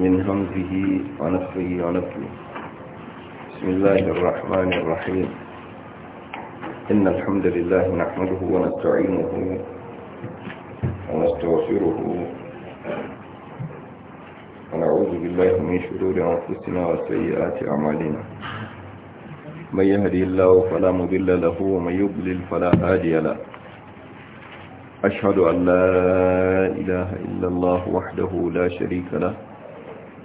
من همزه ونفه ونفه بسم الله الرحمن الرحيم إن الحمد لله نحمده ونستعينه ونستغفره ونعوذ بالله من شرور أنفسنا وسيئات أعمالنا من يهدي الله فلا مضل له ومن يضلل فلا هادي له أشهد أن لا إله إلا الله وحده لا شريك له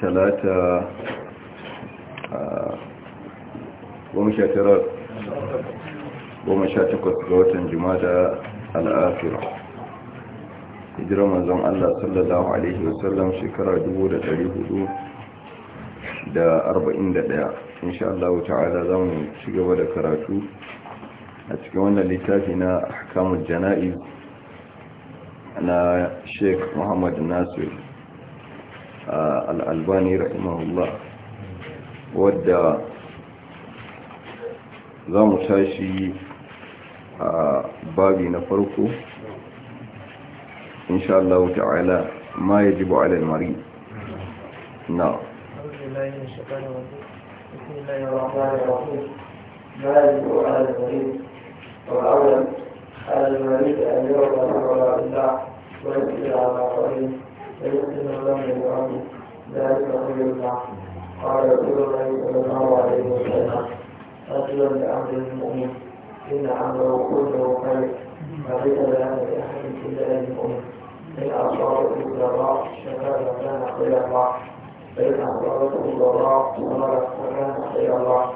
talata goma sha tara goma sha takwas ga watan jumada al'afira hijirar manzon Allah sallallahu Alaihi wasallam shekara dubu da da da arba'in 1441 insha Allah ta'ala za mu ci gaba da karatu a cikin wannan littafi na kamun jana'i na sheik muhammad Nasiru. al'albani rahimahullah wadda za mu tashi a babi na farko insha Allah ta'ala ma ya jibo alal mari na والأول على المريض أن يرضى الله ويسجد على قوله فيمكن الله من ذلك خير العقل قال رسول الله صلى الله عليه وسلم رجلا لامر المؤمن ان امره كله خير فليس لامر احد الا المؤمن ان اصابته ضراء شكر فكان خير الله فان اصابته ضراء صبر فكان خير الله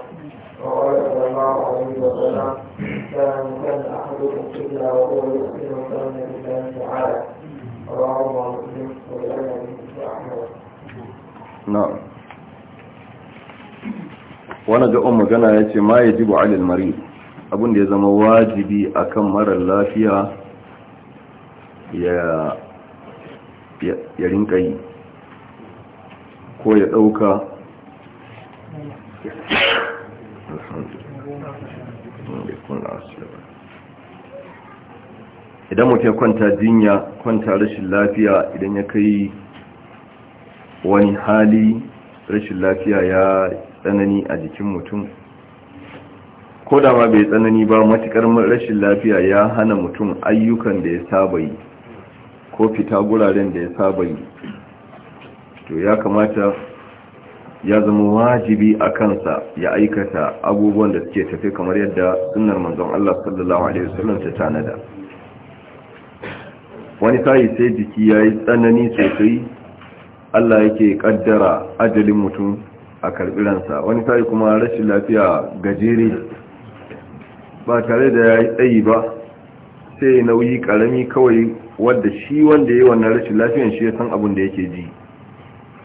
وقال صلى الله عليه وسلم كان كان احدكم قبله وهو يؤمن كان لله تعالى na'am wani ga'on magana ya ce ma ya ji bu'alil mari abinda ya zama wajibi akan marar lafiya ya rinka yi ko ya ɗauka idan mutum ya kwanta jinya kwanta rashin lafiya idan ya kai wani hali rashin lafiya ya tsanani a jikin mutum ko da ma bai tsanani ba matukar rashin lafiya ya hana mutum ayyukan da ya saba yi ko fita guraren da ya saba yi to ya kamata ya zama wajibi a kansa ya aikata abubuwan da suke tafe kamar yadda sunnar manzon Allah sallallahu alaihi wasallam ta tanada wani sayi sai jiki ya yi tsanani sosai allah yake kaddara ajalin mutum a karbiransa wani sayi kuma rashin lafiya gajere ba tare da ya yi tsayi ba sai nauyi karami kawai wadda shi wanda ya yi wannan rashin lafiyan shi ya san abin da yake ji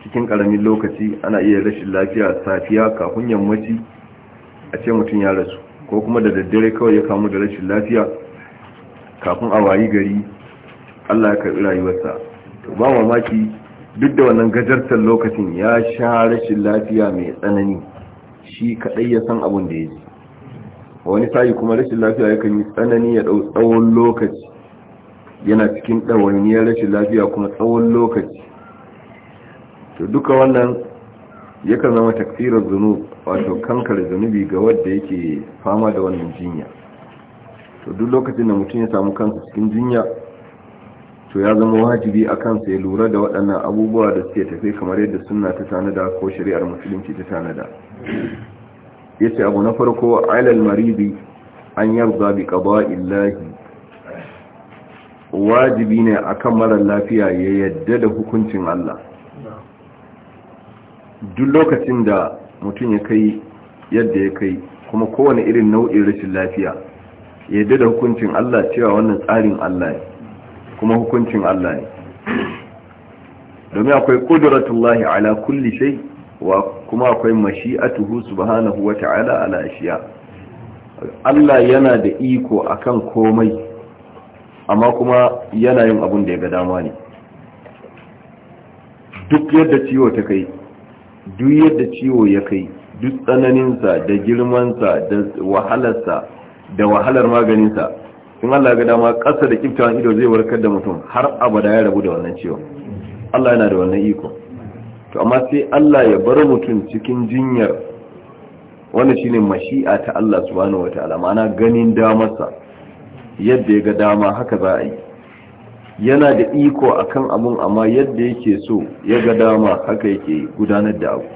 cikin karamin lokaci ana iya rashin lafiya safiya kafin yammaci a ce mutum ya rasu ko kuma da daddare kawai ya kamu da rashin lafiya kafin a wayi gari Allah ya karɓi rayuwarsa to ba mamaki duk da wannan gajartar lokacin ya sha rashin lafiya mai tsanani shi kaɗai ya san abin da ya ji wani sai kuma rashin lafiya yakan yi tsanani ya ɗau tsawon lokaci yana cikin ɗawainiyar rashin lafiya kuma tsawon lokaci to duka wannan yakan zama takfirar zunub wato kankar zunubi ga wadda yake fama da wannan jinya to duk lokacin da mutum ya samu kansa cikin jinya to ya zama wajibi a kansa ya lura da waɗannan abubuwa da suke tafi kamar yadda suna ta tanada ko shari'ar musulunci ta tanada ya ce abu na farko ailal maribi an yarda bi illahi wajibi ne akan marar lafiya ya yadda da hukuncin Allah duk lokacin da mutum ya kai yadda ya kai kuma kowane irin nau'in rashin lafiya yadda da hukuncin Allah cewa wannan tsarin Allah ne kuma hukuncin Allah ne domin akwai kudratullahi ala kulli shay wa kuma akwai mashi'atuhu subhanahu wa ta'ala ala ashiya Allah yana da iko akan komai amma kuma yana yin abun da ya ga dama ne duk yadda ciwo ta kai duk yadda ciwo ya kai duk tsananinsa da girmansa da wahalarsa da wahalar maganinsa in Allah ga dama ƙasa da kiftawan ido zai warkar da mutum har abada ya rabu da wannan ciwon Allah yana da wannan iko to amma sai Allah ya bar mutum cikin jinyar wannan shine mashi'a ta Allah subhanahu wataala ma'ana ganin damarsa yadda ya ga dama haka za a yi yana da iko akan abun amma yadda yake so ya ga dama haka yake gudanar da abu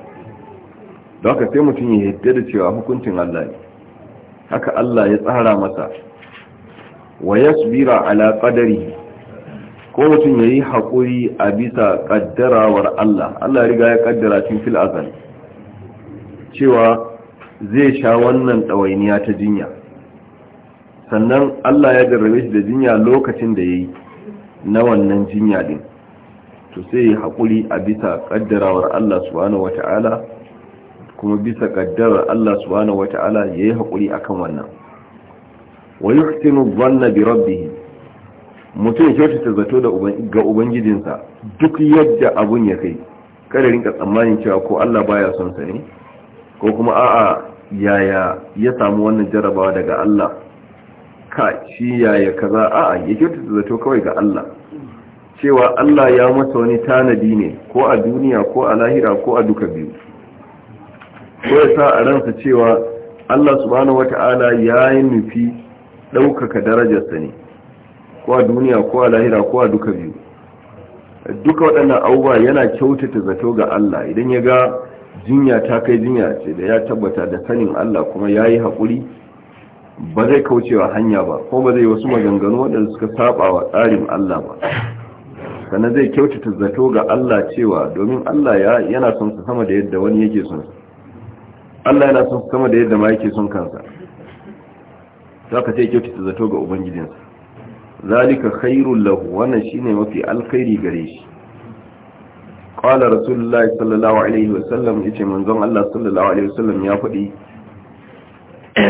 don haka sai mutum ya yadda da cewa hukuncin Allah ne haka Allah ya tsara masa wa yasbira ala qadari ko mutum yayi hakuri a bisa kaddarawar Allah Allah riga ya kaddara tun fil azal cewa zai sha wannan ɗawainiya ta jinya sannan Allah ya jarrabe shi da jinya lokacin da yayi na wannan jinya din to sai ya hakuri a bisa ƙaddarawar Allah subhanahu wata'ala kuma bisa ƙaddarar Allah subhanahu wata'ala ya yi haƙuri a wannan wa yuhsinu dhanna bi rabbih mutum ya kyautata zato ga ubangijinsa duk yadda abun ya kai kada rinka tsammanin cewa ko Allah baya son sa ne ko kuma a'a yaya ya samu wannan jarabawa daga Allah ka shi yaya kaza a'a ya kyautata zato kawai ga Allah cewa Allah ya masa wani tanadi ne ko a duniya ko a lahira ko a duka biyu ko ya sa a ransa cewa Allah subhanahu wata'ala ya yi nufi ɗaukaka darajarsa ne ko a duniya ko a lahira ko a duka biyu duka waɗannan abubuwa yana kyautata zato ga Allah idan ya ga jinya ta kai jinya ce da ya tabbata da sanin Allah kuma ya yi haƙuri ba zai kaucewa hanya ba ko ba zai wasu maganganu waɗanda suka saba wa tsarin Allah ba sannan zai kyautata zato ga Allah cewa domin Allah yana son su sama da yadda wani yake son Allah yana son sama da yadda ma yake son kansa za ka sai kyautata zato ga ubangijinsa zalika khairul lahu wannan shine mafi alkhairi gare shi qala rasulullahi sallallahu alaihi wa wasallam yace manzon Allah sallallahu alaihi Sallam ya faɗi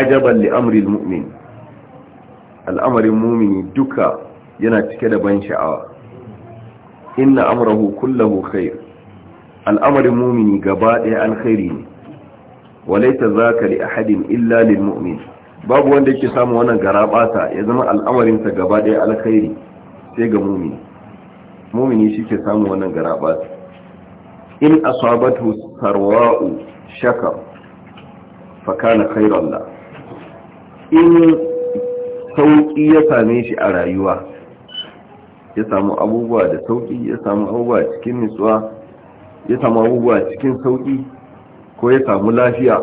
ajaban li amri almu'min al'amarin mumini duka yana cike da ban sha'awa inna amrahu kullahu khair al'amarin mumini gaba ɗaya alkhairi ne walaita zaka li ahadin illa lil mu'min babu wanda yake samu wannan garabata ya zama al'amarinsa gaba ɗaya alkhairi sai ga mumini mumini shi ke samun wannan garabata in asabatu sarwa'u shakar fa kana khairan la in sauki ya same shi a rayuwa ya samu abubuwa da sauki ya samu abubuwa cikin nutsuwa ya samu abubuwa cikin sauki ko ya samu lafiya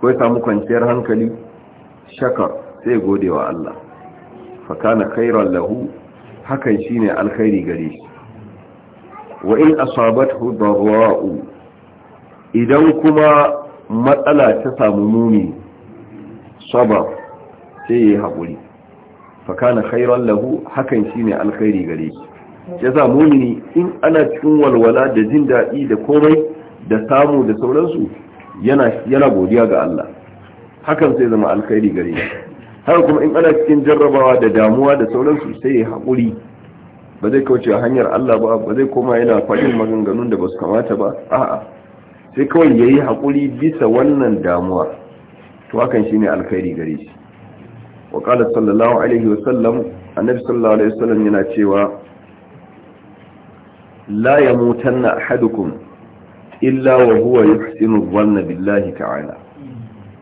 ko ya samu kwanciyar hankali shakar sai gode wa Allah fakana khairan lahu hakan shine alkhairi gare shi wa in asabathu darra'u idan kuma matsala ta samu muni sabar sai yayi hakuri fakana khairan lahu hakan shine alkhairi gare shi yasa mumini in ana cikin walwala da jin daɗi da komai da samu da sauransu yana godiya ga Allah hakan sai zama alkhairi gare shi har kuma in ana cikin jarrabawa da damuwa da sauransu sai ya haƙuri ba zai kauce hanyar Allah ba ba zai koma yana faɗin maganganun da ba su kamata ba a'a sai kawai yayi haƙuri bisa wannan damuwa to hakan shine alkhairi gare shi wa qala sallallahu alaihi wa sallam annabi sallallahu alaihi wa sallam yana cewa la yamutanna ahadukum illa wa huwa yuhsinu dhanna billahi ta'ala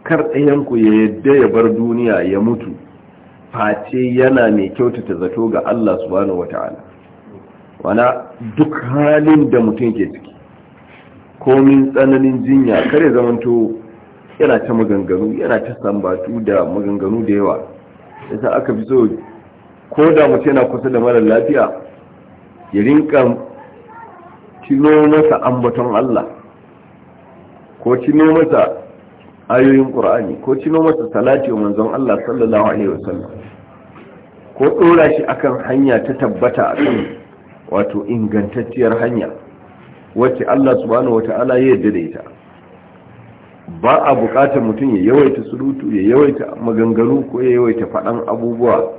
kar ɗayanku ya yadda ya bar duniya ya mutu face yana mai kyautata zato ga Allah subhanahu wa ta'ala. wana duk halin da mutum ke ciki komin tsananin jinya kare zamanto yana ta maganganu yana ta sambatu da maganganu da yawa yasa aka fi so ko da mutum yana kusa da mara lafiya ya rinka tino masa ambaton Allah ko tino masa ayoyin ƙur'ani ko cino masa salati wa manzon Allah sallallahu alaihi wasallam ko dora shi akan hanya ta tabbata akan wato ingantacciyar hanya wacce Allah subhanahu wata'ala ya yarda da ita ba a buƙatar mutum ya yawaita surutu ya yawaita maganganu ko ya yawaita faɗan abubuwa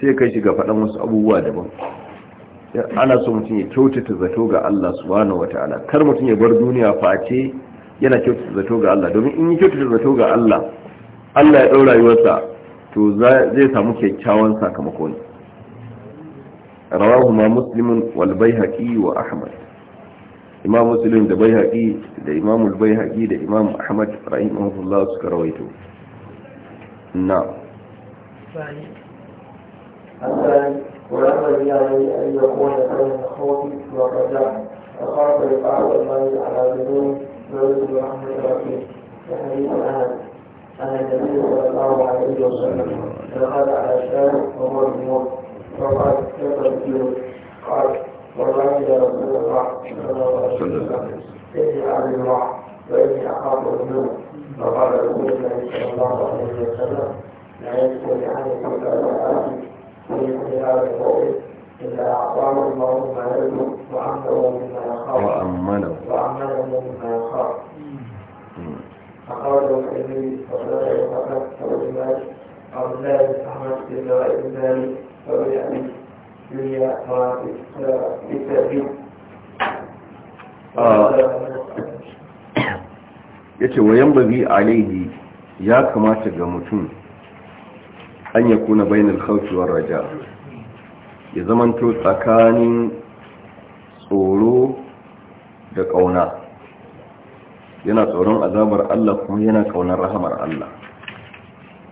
sai kai shiga faɗan wasu abubuwa daban ana so mutum ya kyautata zato ga Allah subhanahu wata'ala kar mutum ya bar duniya face yana kyautata zato ga Allah domin in yi kyautata zato ga Allah Allah ya ɗaura rayuwarsa to zai samu kyakkyawan sakamakon ne rawahu ma muslimun wal baihaqi wa ahmad imam muslim da baihaqi da imam al baihaqi da imam ahmad rahimahullah suka rawaito na وينبغي عليه أن يكون بين الخوف والرجاء وخاف المال على بدونه نرجو برحمتك الرحيم تحريم الأهل النبي صلى الله عليه وسلم دخل على شاب وهو فقال كيف الجيوب قال والله يا رسول الله صلى الله عليه وسلم إني أعلم الله وإني أخاف الجيوب فقال رسول الله صلى الله عليه وسلم لا يدخل عليكم فلا آتي في هذا الموقف إذا أعطاه الله ما يملك وأمنه مما يخاف وأمنه وأمنه مما يخاف فقال الحبيب فلا يتفكر بمال أو لا يتحمل إلا إبدال فبيعني دنيا وكتابي yace wa yambagi alaihi ya kamata ga mutum an yakuna bainal khawfi war raja' ya zamanto tsakanin tsoro da ƙauna yana tsoron azabar Allah kuma yana ƙaunar rahamar Allah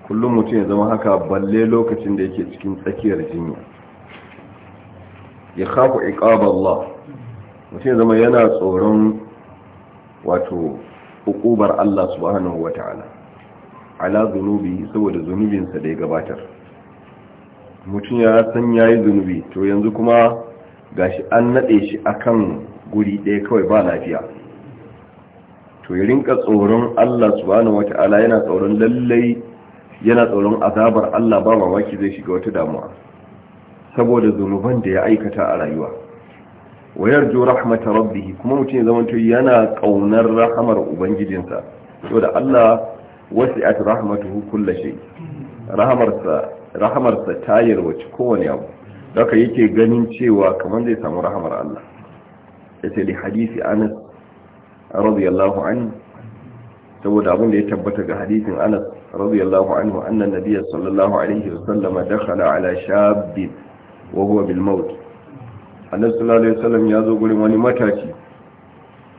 kullum mutum ya zama haka balle lokacin da yake cikin tsakiyar jinya ya kafa iqab Allah mutum ya zama yana tsoron wato hukubar Allah subhanahu ta'ala ala zunubi saboda zunubinsa da ya gabatar mutum ya san ya yi zunubi to yanzu kuma ga shi an naɗe shi a kan guri ɗaya kawai ba lafiya to ya rinka tsoron Allah subhanahu wata'ala yana tsoron lallai yana tsoron azabar Allah ba mamaki zai shiga wata damuwa saboda zunuban da ya aikata a rayuwa wayar jo rahmata rabbihi kuma mutum ya zamanto yana ƙaunar rahamar ubangijinsa saboda Allah wasi'at rahmatuhu kullashi rahamarsa rahamarsa ta yarwaci kowane abu daga yake ganin cewa kamar zai samu rahamar Allah ya ce da hadisi anas radiyallahu anhu saboda abin da ya tabbata ga hadisin anas radiyallahu anhu annan nabiyyi sallallahu alaihi wasallama dakhala ala shabbi wa huwa bil maut annabi sallallahu alaihi wasallam ya zo gurin wani matashi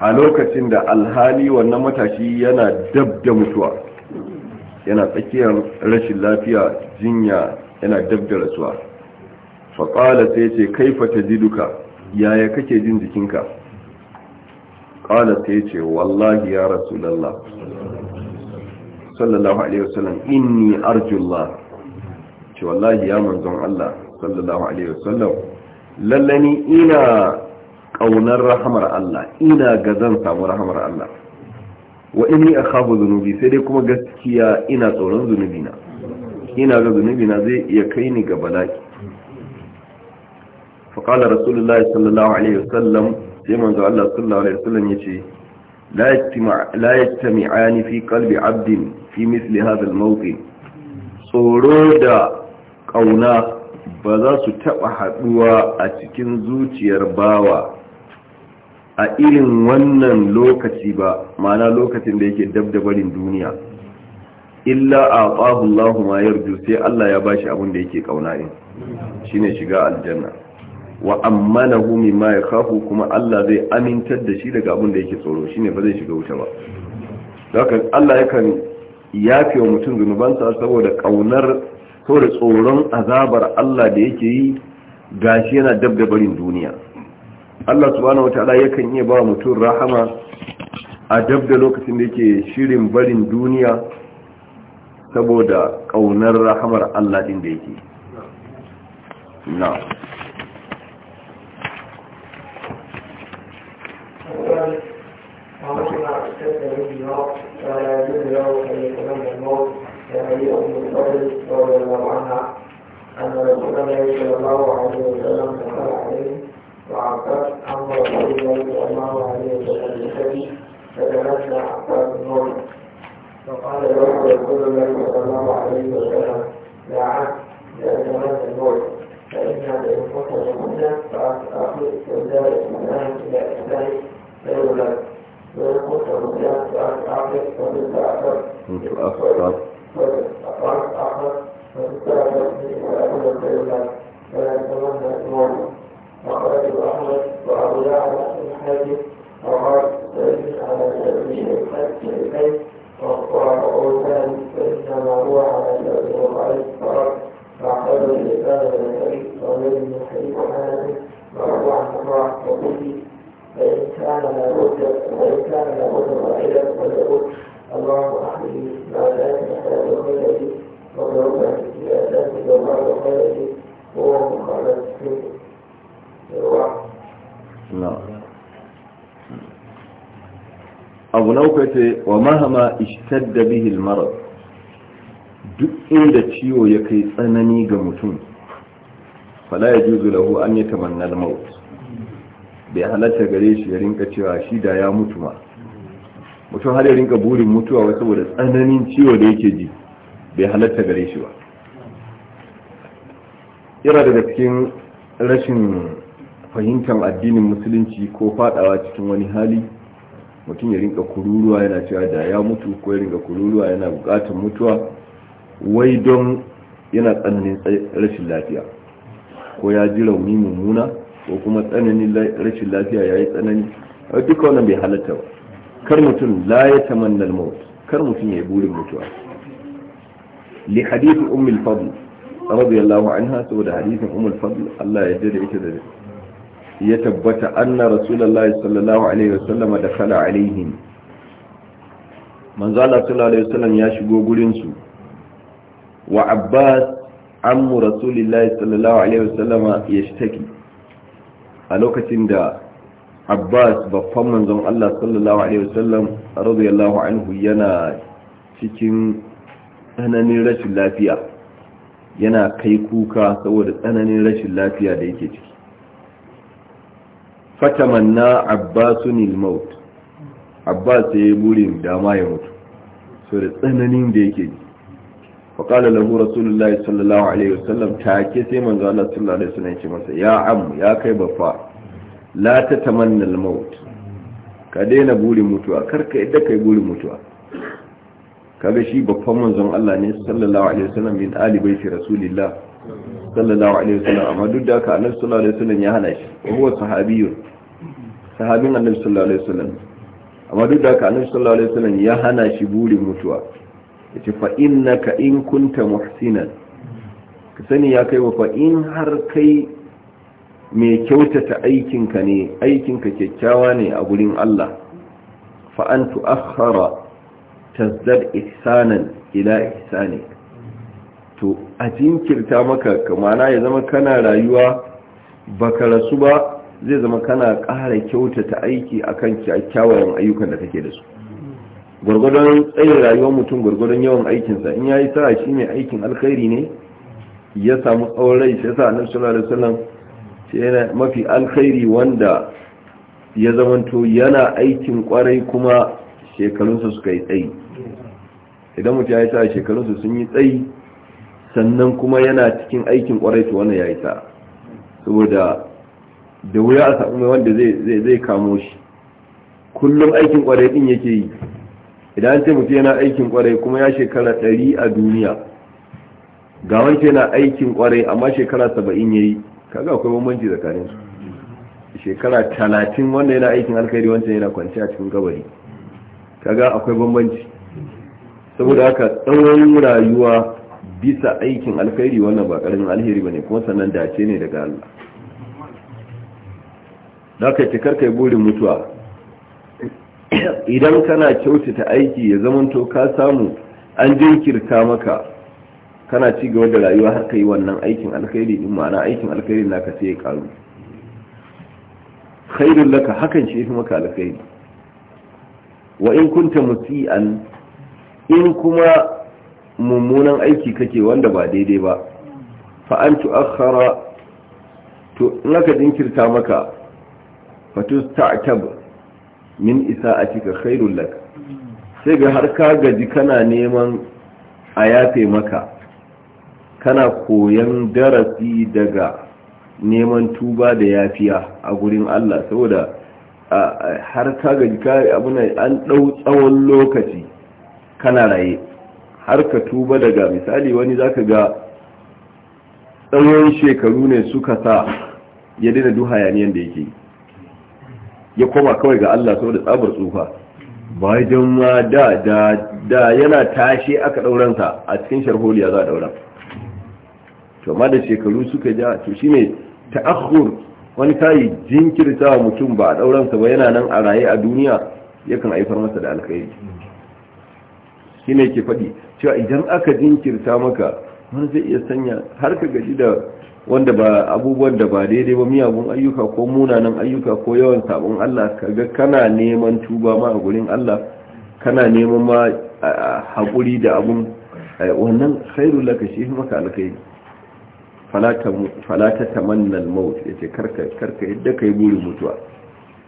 a lokacin da alhali wannan matashi yana dab da mutuwa yana tsakiyar rashin lafiya jinya yana dab da rasuwa faƙala sai ce kaifa ta ji duka yaya kake jin jikinka ƙala sai ce wallahi ya rasulallah sallallahu alaihi wasallam inni arjullah ce wallahi ya manzon Allah sallallahu alaihi wasallam lallani ina ƙaunar rahamar Allah ina ga zan samu rahamar Allah wa inni akhafu dhunubi sai dai kuma gaskiya ina tsoron zunubi na ina ga zunubi na zai iya kai ni ga bala'i fa qala rasulullahi sallallahu alaihi wasallam sai manzo Allah sallallahu alaihi wasallam yace la yajtima la yajtami'ani fi qalbi 'abdin fi mithli hadha al-mawqi tsoro da kauna ba za su taba haduwa a cikin zuciyar bawa a irin wannan lokaci ba ma'ana lokacin da yake dabdabarin duniya illa a ƙwahullahu ma yarju sai Allah ya bashi abin da yake ƙauna in shine shiga aljanna wa amma na ma ya kafu kuma Allah zai amintar da shi daga abin da yake tsoro shi ne ba zai shiga wuta ba haka Allah ya yakan yafe wa mutum zunubansa saboda ƙaunar saboda tsoron azabar Allah da yake yi gashi yana dab barin duniya Allah subhanahu wataala yakan iya ba mutum rahama a dab da lokacin da yake shirin barin duniya saboda ƙaunar rahamar Allah ɗin da yake na أن رسول الله صلى الله عليه وسلم دخل عليه وعباس أمر رسول الله صلى الله عليه وسلم بشيء فتمشى عباس النور فقال له رسول الله صلى الله عليه وسلم يا عبد لا تمشى النور فإنها بإنفسها جميلة فأخذ استبدال الإسلام إلى إسلام لا يولد ويقول الرجال فأخذ فبالتأخر فبالتأخر فبالتأخر فبالتأخر فبالتأخر فلا يتمنى الموت وقال أحمد وأبو يعلى الحديث وقال سيد على سبيل الحج إليه وقال فإنما هو على سبيل الغيب فرق فأخذ الإسلام من الحديث ومن من حديث حنفي وأبو عبد الله فإن كان لابد وإن كان لابد واحدا فليقل اللهم أحمد ما لا تحتاج خيرتي وضربني إلى ذنبي وما خيرتي هو مخالف abu na uku yace wa mahama ishtadda bihi al-marad duk inda ciwo ya kai tsanani ga mutum fala yajuzu lahu an yatamanna al-maut bai halatta gare shi ya rinka cewa shi da ya mutu ma mutum har ya rinka burin mutuwa wai saboda tsananin ciwo da yake ji bai halatta gare shi ba ira daga cikin rashin fahimtar addinin musulunci ko fadawa cikin wani hali mutum ya rinka kururuwa yana cewa da ya mutu ko ya rinka kururuwa yana bukatar mutuwa wai don yana tsananin rashin lafiya ko ya ji rauni mummuna ko kuma tsananin rashin lafiya ya yi tsanani a duka wannan bai halatta ba kar mutum la ya tamannal maut kar mutum ya yi burin mutuwa li hadithu ummul fadl radiyallahu anha saboda hadithin ummul fadl Allah ya jira ita da ya tabbata anna rasulullahi sallallahu alaihi wasallam da kala alaihim manzo Allah sallallahu alaihi wasallam ya shigo gurin su wa abbas ammu rasulullahi sallallahu alaihi wasallama yashtaki a lokacin da abbas babban manzon Allah sallallahu alaihi wasallam radiyallahu anhu yana cikin tsananin rashin lafiya yana kai kuka saboda tsananin rashin lafiya da yake ciki fatamanna abbasun ilmaut abbas ya yi burin dama ya mutu so da tsananin da yake ji faƙala lahu rasulullahi sallallahu alaihi wasallam ke sai manzo Allah sallallahu alaihi wasallam ya ce masa ya amu ya kai bafa la ta tamanna almaut ka daina burin mutuwa karka yadda kai burin mutuwa kaga shi babban manzon Allah ne sallallahu alaihi wasallam min ali baiti rasulillah sallallahu alaihi wasallam amma duk da haka annabi sallallahu alaihi wasallam ya hana shi wa huwa sahabiyyun sahabin annabi sallallahu alaihi wasallam amma duk da haka annabi sallallahu alaihi wasallam ya hana shi burin mutuwa yace fa innaka in kunta muhsinan ka sani ya kai wa fa in har kai mai kyautata aikinka ne aikinka kyakkyawa ne a gurin Allah fa an tu'akhkhara tazdad ihsanan ila ihsanik to a jinkirta maka kamana ya zama kana rayuwa baka rasu ba zai zama kana ƙara kyautata aiki akan kyawawan ayyukan da kake da su gwargwadon tsayin rayuwar mutum gwargwadon yawan aikinsa in ya yi sa shi mai aikin alkhairi ne ya samu tsawon rai sai sa annabi sallallahu alaihi wasallam shi yana mafi alkhairi wanda ya zamanto yana aikin kwarai kuma shekarunsa suka yi tsayi idan mutum ya yi sa shekarunsa sun yi tsayi sannan kuma yana cikin aikin kwarai to wannan ya yi sa saboda da wuya a samu mai wanda zai kamo shi kullum aikin kwarai din yake yi idan an ce mutum yana aikin kwarai kuma ya shekara ɗari a duniya ga wancan yana aikin kwarai amma shekara saba'in ya yi kaga akwai bambanci tsakanin su shekara talatin wanda yana aikin alkhairi wancan yana kwanci a cikin gabari kaga akwai bambanci saboda haka tsawon rayuwa bisa aikin alkhairi wannan ba karamin alheri bane kuma sannan dace ne daga Allah da ka ci karkai burin mutuwa idan kana kyautata aiki ya zamanto ka samu an jinkirta maka kana ci gaba da rayuwa har ka yi wannan aikin alkhairi din ma'ana aikin alkhairi naka sai ya karu khairul laka hakan shi yafi maka alkhairi wa in kunta musian in kuma mummunan aiki kake wanda ba daidai ba fa an tu'akhkhara to in aka jinkirta maka fatusta'tab min isa isa'atika khairul lak sai ga har ka gaji kana neman a yafe maka kana koyan darasi daga neman tuba da yafiya a gurin Allah saboda har ka gaji ka abuna an dau tsawon lokaci kana raye har ka tuba daga misali wani zaka ga tsawon shekaru ne suka sa ya dina duha yaniyan da yake ya koma kawai ga Allah saboda tsabar tsufa bayan ma da da yana tashi aka ɗauransa a cikin sharholiya za a daura to amma da shekaru suka ja to shine ta'akhur wani tayi jinkirta mutum ba a ɗauransa ba yana nan a raye a duniya yakan haifar masa da alkhairi shine ke faɗi cewa idan aka jinkirta maka wani zai iya sanya har ka gaji da wanda ba abubuwan da ba daidai ba miyagun ayyuka ko munanan ayyuka ko yawan sabon Allah kaga kana neman tuba ma a gurin Allah kana neman ma haƙuri da abun eh, wannan khairu laka shi maka alƙai? Falata ta maut yace karka karka yadda kai burin mutuwa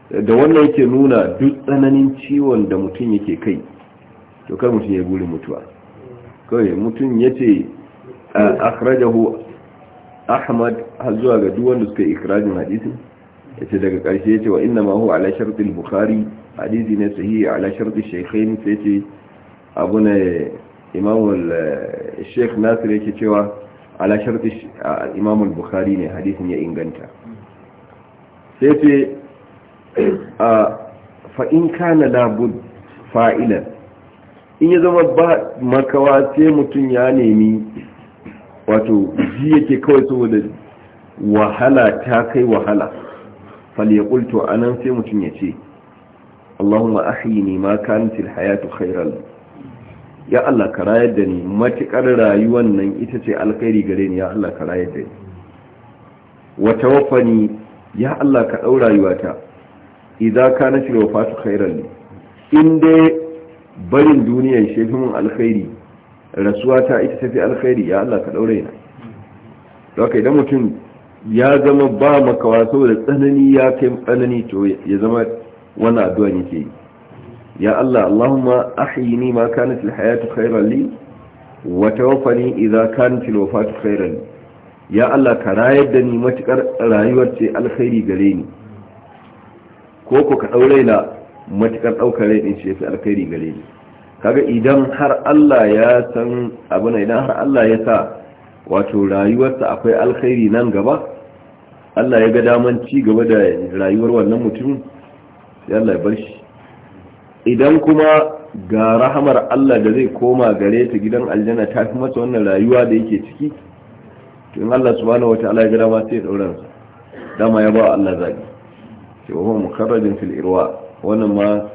da wannan yake nuna duk tsananin ciwon da mutum yake kai to kar mutum ya burin mutuwa kawai mutum yace akhrajahu ahmad har zuwa ga duk wanda suka yi ikrajin hadisin yace daga ƙarshe yace wa inna ma huwa ala shartil bukhari hadisi ne sahihi ala shartil shaykhain sai yace abu na imam al-sheikh eh, nasir ce cewa ala shartil eh, imam al-bukhari ne hadisin ya inganta sai a fa in kana labud fa'ilan in ya zama ba makawa sai mutun ya nemi wato ji yake kawai saboda wahala ta kai wahala falyaqul to anan sai mutum ya ce Allahumma ahyini ma kanat alhayatu khairal ya Allah ka rayar da ni matukar rayuwar nan ita ce alkhairi gare ni ya Allah ka rayar da ni wa tawaffani ya Allah ka daura rayuwata idza kanat wafatu khairal li in dai barin duniyar shefi mun alkhairi rasuwa ta ita tafi alkhairi ya Allah ka daure na haka idan mutum ya zama ba makawa saboda tsanani ya kai tsanani to ya zama wani addu'a ne ke ya Allah Allahumma ahyini ma kanat alhayatu khayran li wa tawaffani idha kanat alwafatu khayran li ya Allah ka rayar da ni matukar rayuwar ce alkhairi gare ni ko ko ka daure na matukar daukar rai din ce alkhairi gare ni kaga idan har Allah ya san abin idan har Allah ya sa wato rayuwarsa akwai alkhairi nan gaba Allah ya ga daman ci gaba da rayuwar wannan mutum ya Allah ya bar shi idan kuma ga rahamar Allah da zai koma gare ta gidan aljanna ta fi masa wannan rayuwa da yake ciki to in Allah subhanahu wataala ya ga dama sai ya daura dama ya ba Allah zabi cewa huwa mukarrajin fil irwa wannan ma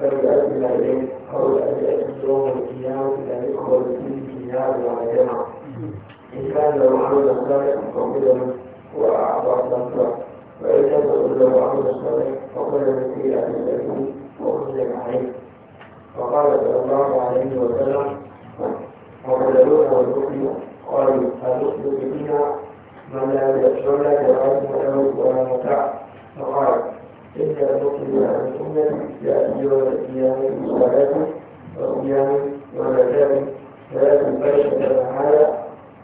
فليأتنا إليه أو لأن يوم القيامة لا يدخل فيه النار ولا جمع إن كان له عمل صالح فقبل منه وأعطى صدقه وإن لم يكن عمل صالح فقبل من سيئة الذي وخزي عليه فقال صلى الله عليه وسلم وبلغونا والكفر قالوا أنؤمن بنا من لا يشرنا جواب له ولا متاع فقال إن المسلم عن سنة يأتي ويأتيان بصلاة وصيام وزكاة ولكن بشر تعالى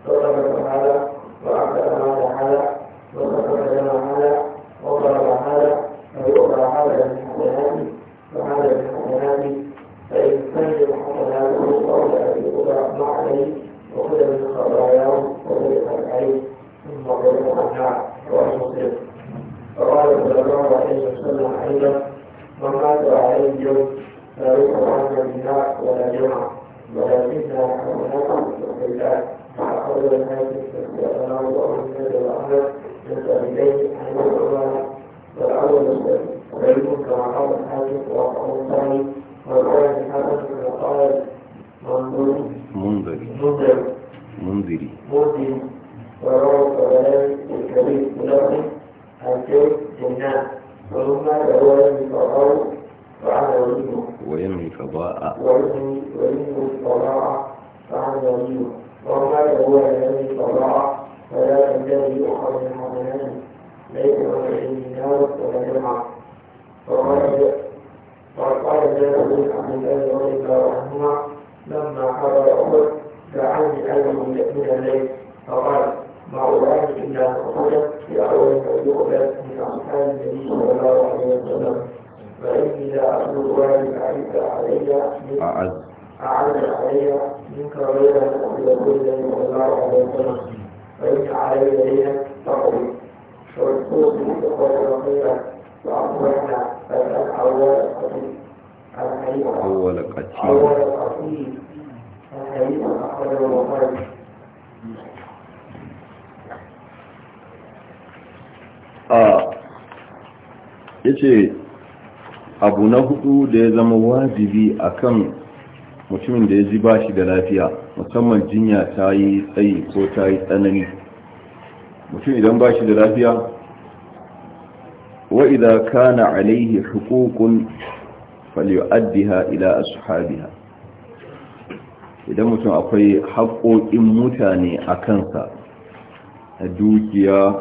وقبل تعالى وعبد تعالى وصدق تعالى Ah, ya ce abu na hudu da ya zama wajibi akan mutumin da ya ji ba shi da lafiya musamman jinya ta yi tsayi ko ta yi tsanani mutum idan ba shi da lafiya وإذا كان عليه حقوق فليؤدها إلى أصحابها idan mutum akwai haƙoƙin mutane a kansa na dukiya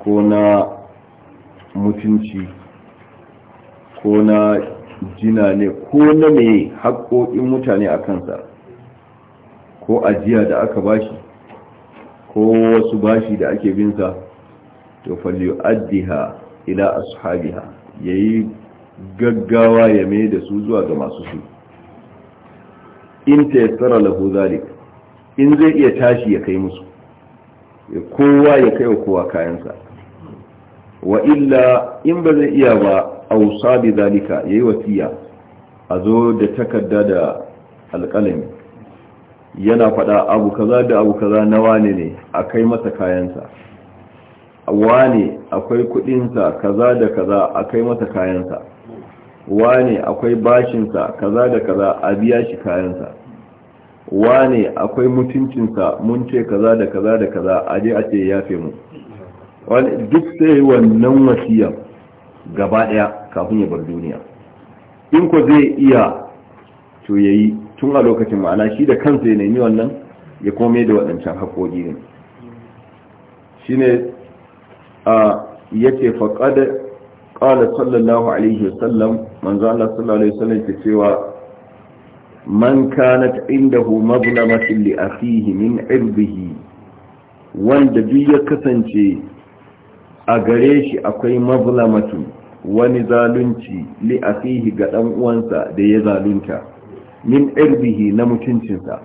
ko na mutunci ko na jina ne ko na ne haƙoƙin mutane a kansa ko ajiya da aka bashi ko wasu bashi da ake binsa to falyo addiha ila ashabiha yayi gaggawa ya mai da su zuwa ga masu su in ta tsara lahu zalik in zai iya tashi ya kai musu kowa ya kai kowa kayansa wa illa in ba zai iya ba ausa bi zalika yayi wasiya a zo da takarda da alƙalami yana faɗa abu kaza da abu kaza na wane ne a kai masa kayansa wane akwai kudinsa kaza da kaza a kai masa kayansa wane akwai bashinsa kaza da kaza a biya shi kayansa wane akwai mutuncinsa mun ce kaza da kaza da kaza a je a ce ya fi mu wani duk sai wannan wasiya gaba daya kafin ya bar duniya in ko zai iya to yayi tun a lokacin ma'ana shi da kansa ya nemi wannan ya kome da waɗancan haƙoƙi ne ne yace faqad qala sallallahu alaihi wasallam manzo Allah sallallahu alaihi wasallam ke cewa man kanat indahu mazlamatun li akhihi min irbihi wanda duk ya kasance a gare shi akwai mazlamatu wani zalunci li akhihi ga dan uwansa da ya zalunta min irbihi na mutuncinsa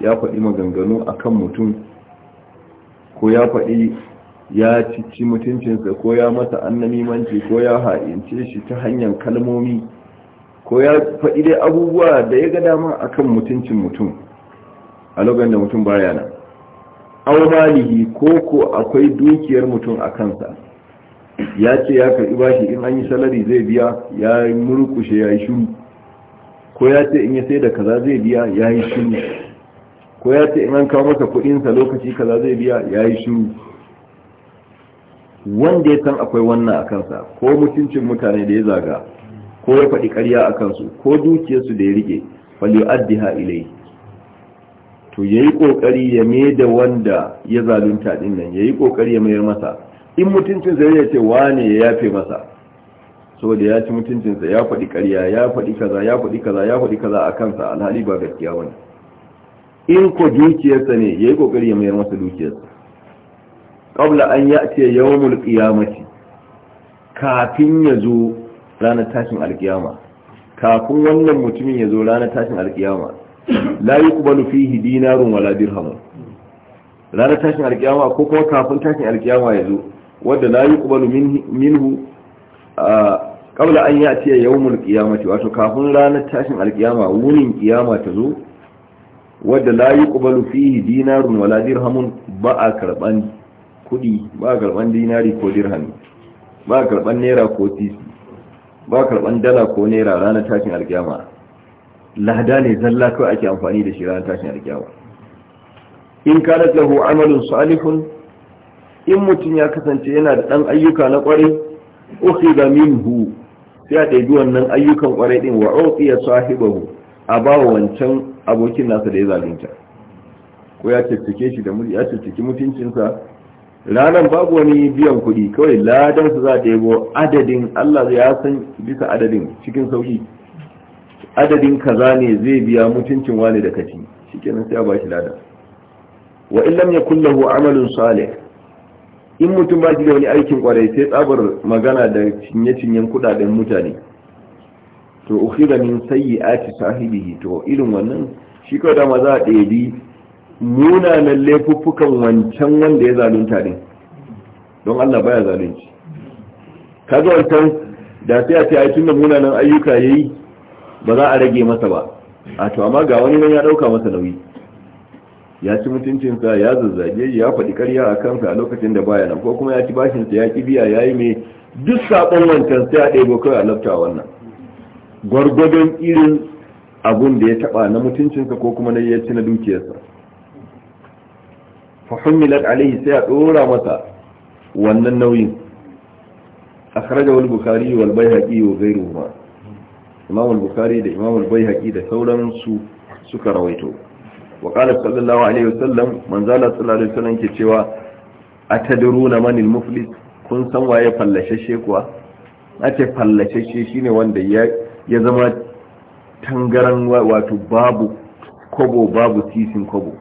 ya faɗi maganganu akan mutum ko ya faɗi ya cici mutuncinsa ko ya masa annamimanci ko ya ha'ince shi ta hanyar kalmomi ko ya faɗi dai abubuwa da ya ga dama a kan mutuncin mutum a lokacin da mutum baya nan aumalihi ko ko akwai dukiyar mutum a kansa ya ce ya karɓi bashi in an yi salari zai biya ya yi murkushe ya yi shuru ko ya ce in ya sai da kaza zai biya ya yi shuru ko ya ce in an kawo masa kuɗinsa lokaci kaza zai biya ya yi shuru wanda ya san akwai wannan a kansa ko mutuncin mutane da ya zaga ko ya faɗi ƙarya a kansu ko dukiyarsu da ya rike addi ha ilai to ya yi ƙoƙari ya me da wanda ya zalunta ɗin nan yi ƙoƙari ya mayar masa in mutuncin sa ya ce wane ya yafe masa saboda ya ci mutuncin ya faɗi ƙarya ya faɗi kaza ya faɗi kaza ya faɗi kaza a kansa alhali ba gaskiya wani in ko dukiyarsa ne ya yi ƙoƙari ya mayar masa dukiyarsa qabla an ya'ti yawmul qiyamati kafin ya zo ranar tashin alkiyama kafin wannan mutumin ya zo ranar tashin alkiyama la yuqbalu fihi dinarun wala dirham ranar tashin alkiyama ko kuma kafin tashin alkiyama ya zo wadda la yuqbalu minhu qabla an ya'ti yawmul qiyamati wato kafin ranar tashin alkiyama wunin kiyama ta zo wadda la yuqbalu fihi dinarun wala dirhamun ba a karban kudi ba karban dinari ko dirhami ba karban naira ko titi ba karban dala ko naira ranar tashin alkiyama lada ne zalla kawai ake amfani da shi ranar tashin alkiyama in kana lahu amalin salihun in mutum ya kasance yana da dan ayyuka na kwarai ukhiza minhu sai da ɗaiɗi wannan ayyukan kwarai din wa ya sahibahu a ba wancan abokin nasa da ya zalunta ko ya ciccike shi da ya cicciki mutuncinsa ranar babu wani biyan kuɗi kawai ladan su za ta yabo adadin Allah ya san bisa adadin cikin sauki adadin kaza ne zai biya mutuncin wani da kaci shikenan sai a bashi lada wa in lam yakul lahu amalun salih in mutum ba shi da wani aikin kwarai sai tsabar magana da cinye-cinyen kudaden mutane to ukhira min sayyi'ati sahibihi to irin wannan shi kawai dama za a ɗebi munanan laifuffukan wancan wanda ya zalunta ne don Allah baya zalunci kaga wancan da sai a ce ai tunda munanan ayyuka yayi ba za a rage masa ba a to amma ga wani nan ya dauka masa nauyi ya ci mutuncinsa ya zazzage ya faɗi ƙarya a kansa a lokacin da baya nan ko kuma ya ci bashinsa ya ki biya ya yi mai duk saɓon wancan sai a ɗebo kawai a lafta wannan gwargwadon irin abun da ya taɓa na mutuncinsa ko kuma na ya ci na dukiyarsa فحملت عليه سيأتورا متى وأن النوي أخرجه البخاري والبيهقي وغيرهما إمام البخاري ده إمام البيهقي ده ثورا سكر ويتو وقال صلى الله عليه وسلم من زال صلى الله عليه وسلم كتوا أتدرون من المفلس kun san waye fallashe kuwa ake fallashashe shine wanda ya zama tangaran wato babu kobo babu sisin kobo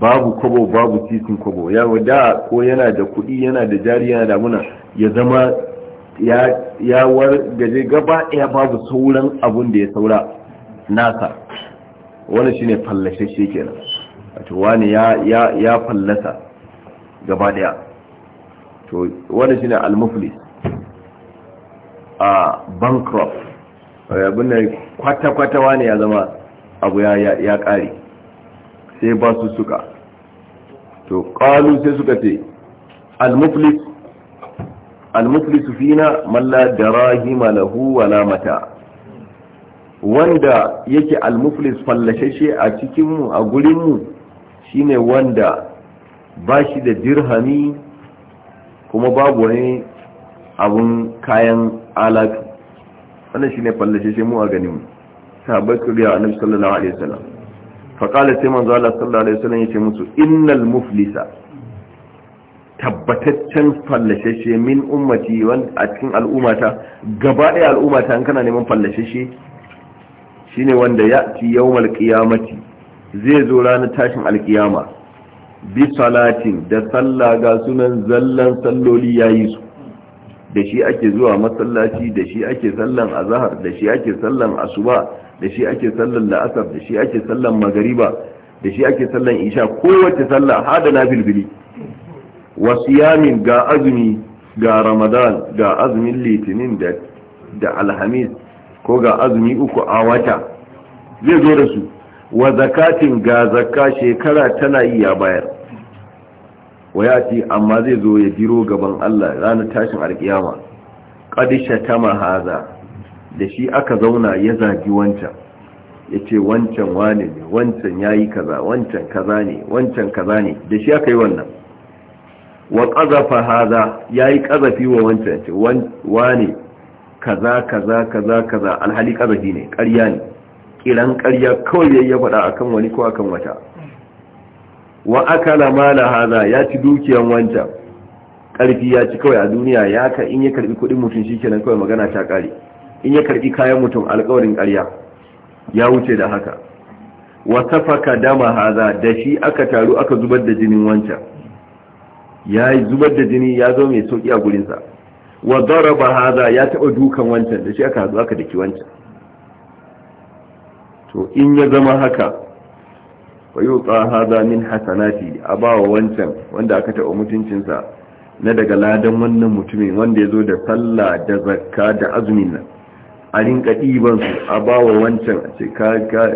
babu kobo babu titin kobo, ya da ko yana da kuɗi yana da jari yana da muna ya zama ya war gaje gaba ɗaya babu sauran abun da ya saura nasa wani shine fallashe kenan wato wani ya ya fallasa gaba ɗaya to wani shine al-muflis a bankrupt abin kwata-kwata wani ya zama abu ya ya sai ba su suka to qalu sai suka ce al-muflis al-muflis fina man la darahima lahu wala mata wanda yake al-muflis a cikin mu a gurinmu mu shine wanda ba shi da dirhami kuma babu wani abun kayan alatu wannan shine fallashe mu a ganin mu sahabbai annabi sallallahu alaihi wasallam faƙala sai manzo Allah sallallahu alaihi wasallam yace musu innal muflisa tabbataccen fallashashe min ummati a cikin al'ummata gaba ɗaya al'ummata in kana neman Shi shine wanda ya ci yawmal qiyamati zai zo ranar tashin alkiyama bi salatin da sallah ga sunan zallan salloli yayi su da shi ake zuwa masallaci da shi ake sallan azhar da shi ake sallan asuba da shi ake sallan la'asar da shi ake sallan magariba da shi ake sallan isha kowace sallah hada na bilbili wa siyamin ga azumi ga ramadan ga azumin litinin da alhamis ko ga azumi uku a wata zai zo da su wa zakatin ga zakka shekara tana yi ya bayar ce amma zai zo ya jiro gaban Allah ranar tashin alkiyama qad ta haza da shi aka zauna ya zagi wancan ya ce wancan wane ne wancan ya yi kaza wancan kaza ne wancan kaza ne da shi aka yi wannan wa ƙazafa haza ya yi ƙazafi wa wancan ce wane kaza kaza kaza kaza alhali ƙazafi ne ƙarya ne ƙiran ƙarya kawai ya faɗa akan wani ko akan wata wa akala mala haza ya ci dukiyan wancan ƙarfi ya ci kawai a duniya ya ka in ya karbi kuɗin mutum shi kenan kawai magana ta ƙare in ya karbi kayan mutum alƙawarin ƙarya ya wuce da haka wasafaka dama haza da shi aka taru aka zubar da jinin wancan ya yi zubar da jini ya zo mai sauki a gurinsa wa ba haza ya taɓa dukan wancan da shi aka hazu aka daki wancan to in ya zama haka wa yi haza min hasanati a ba wa wancan wanda aka taɓa mutuncinsa na daga ladan wannan mutumin wanda ya zo da sallah da zakka da azumin nan a rinka ɗiban su a bawa wancan a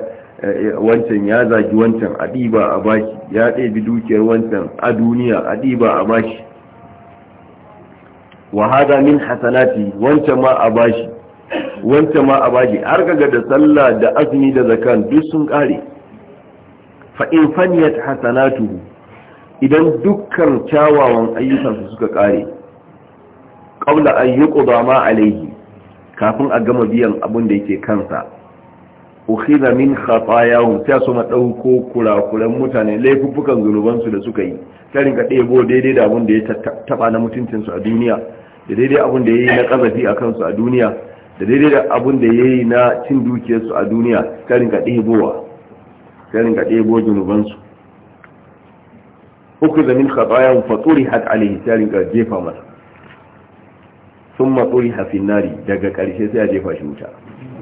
eh, eh, wancan ya zagi wancan a ɗiba a bashi ya ɗebi dukiyar wancan a duniya a ɗiba a bashi wa hada min hasanati wancan ma a bashi wancan ma a bashi har kaga da sallah da azumi da zakan duk sun kare fa in faniyat hasanatu idan dukkan kyawawan ayyukansu suka kare qabla an yuqda ma alayhi kafin a gama biyan abin da yake kansa ukhidha min khatayahum ta so ma dauko kurakuran mutane laifuffukan zunubansu da suka yi tarin ka debo daidai da abin da ya taba na mutuncinsu a duniya da daidai abin da yayi na kazafi a kansu a duniya da daidai da abin da yayi na cin su a duniya ta rinka ɗebowa ta rinka ɗebo zunubansu ukhidha min khatayahum faturihat alayhi tarin ka jefa masa sun matsuri hafin nari daga ƙarshe sai a jefa shi wuta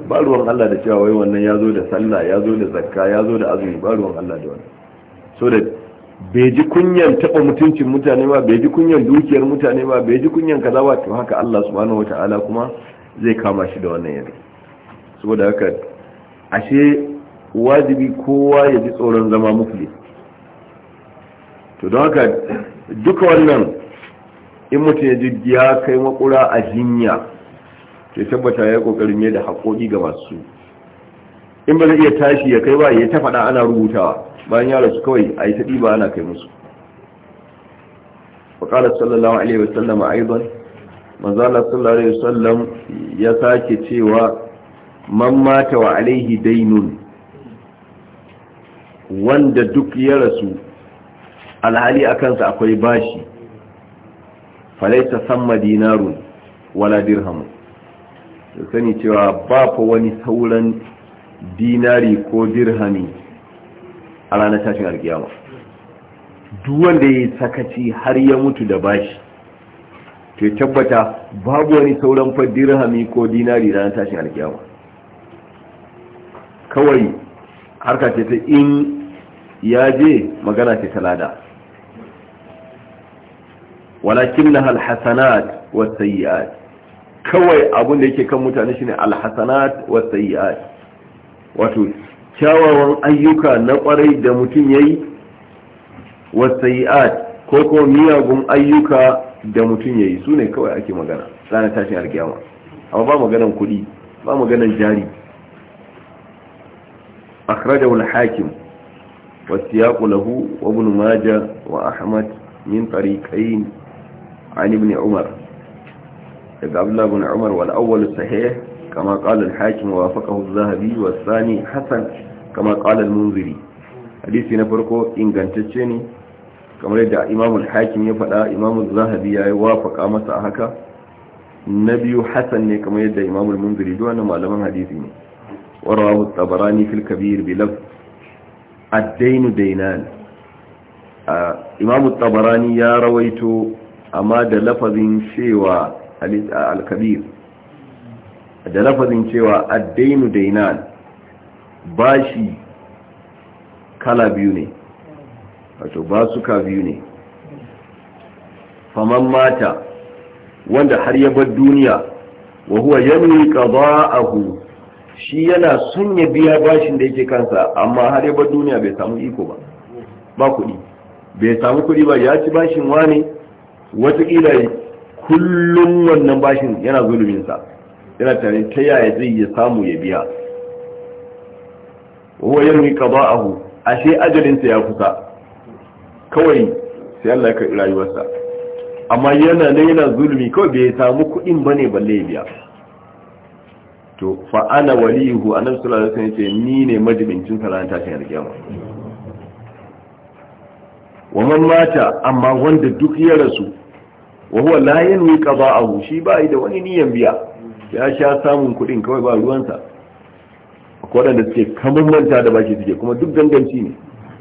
ba ruwan Allah da cewa wai wannan ya zo da sallah ya zo da zakka ya zo da azumi ba ruwan Allah da wannan so da bai ji kunyan taɓa mutuncin mutane ba bai ji kunyan dukiyar mutane ba bai ji kunyan kaza ba to haka Allah subhanahu wataala kuma zai kama shi da wannan yare saboda haka ashe wajibi kowa ya ji tsoron zama muflis to don haka duka wannan in mutum ya ji ya kai makura a jinya ke tabbata ya kokarin ya da haƙoƙi ga masu in ba zai iya tashi ya kai ba ya ta faɗa ana rubutawa bayan ya rasu kawai a yi taɗi ba ana kai musu faƙalar sallallahu alaihi wasallam a aiban manzala sallallahu alaihi wasallam ya sake cewa mamata wa alaihi dainun wanda duk ya rasu alhali a kansa akwai bashi falaita samma dinarun wala dirhamun da sani cewa ba fa wani sauran dinari ko dirhami a ranar tashin alkiyama duk wanda ya yi sakaci har ya mutu da bashi to ya tabbata babu wani sauran fa dirhami ko dinari ranar tashin alkiyama kawai harka ce ta in ya je magana ce ta lada walakinnaha alhasanat wasayyi'at kawai abun da yake kan mutane shine alhasanat wasayyi'at wato kyawawan ayyuka na kwarai da mutum yayi wasayyi'at ko kuma miyagun ayyuka da mutum yayi sune kawai ake magana ranar tashin alkiyama amma ba maganan kuɗi ba maganan jari akhrajahu al-hakim والسياق له وابن ماجه وأحمد من طريقين عن ابن عمر عبد الله بن عمر والأول صحيح كما قال الحاكم وافقه الذهبي والثاني حسن كما قال المنذري حديثي نفرقه إن كانتشيني كما رجع إمام الحاكم يفعل إمام الذهبي وافق أمسا هكا النبي حسن كما يدى إمام المنذري دوانا معلما حديثي ورواه الطبراني في الكبير بلفظ الدين دينان آه إمام الطبراني يا رويته amma da lafazin cewa al-kabir da lafazin cewa addainu dainan bashi kala biyu ne wato basuka biyu ne faman mata wanda har ya bar duniya wa huwa yanwi qada'ahu shi yana son ya biya bashin da yake kansa amma har ya duniya bai samu iko ba ba kuɗi bai samu kuɗi ba ya ci bashin wane wataƙila kullum wannan bashin yana zuluminsa yana tare ta yaya zai ya samu ya biya wa yanwi qada'ahu ashe ajalinsa ya kusa kawai sai Allah ya rayuwarsa amma yana nan yana zulumi kawai bai samu kuɗin bane balle ya biya to fa ana walihu annabi sallallahu alaihi wasallam yace ni ne majibincin sa ta ta alkiyama wa man mata amma wanda duk ya rasu Wahuwa huwa la yanwi a shi ba yi da wani niyan biya ya sha samun kuɗin kawai ba ruwansa akwai waɗanda suke kamar manta da bashi suke kuma duk ganganci ne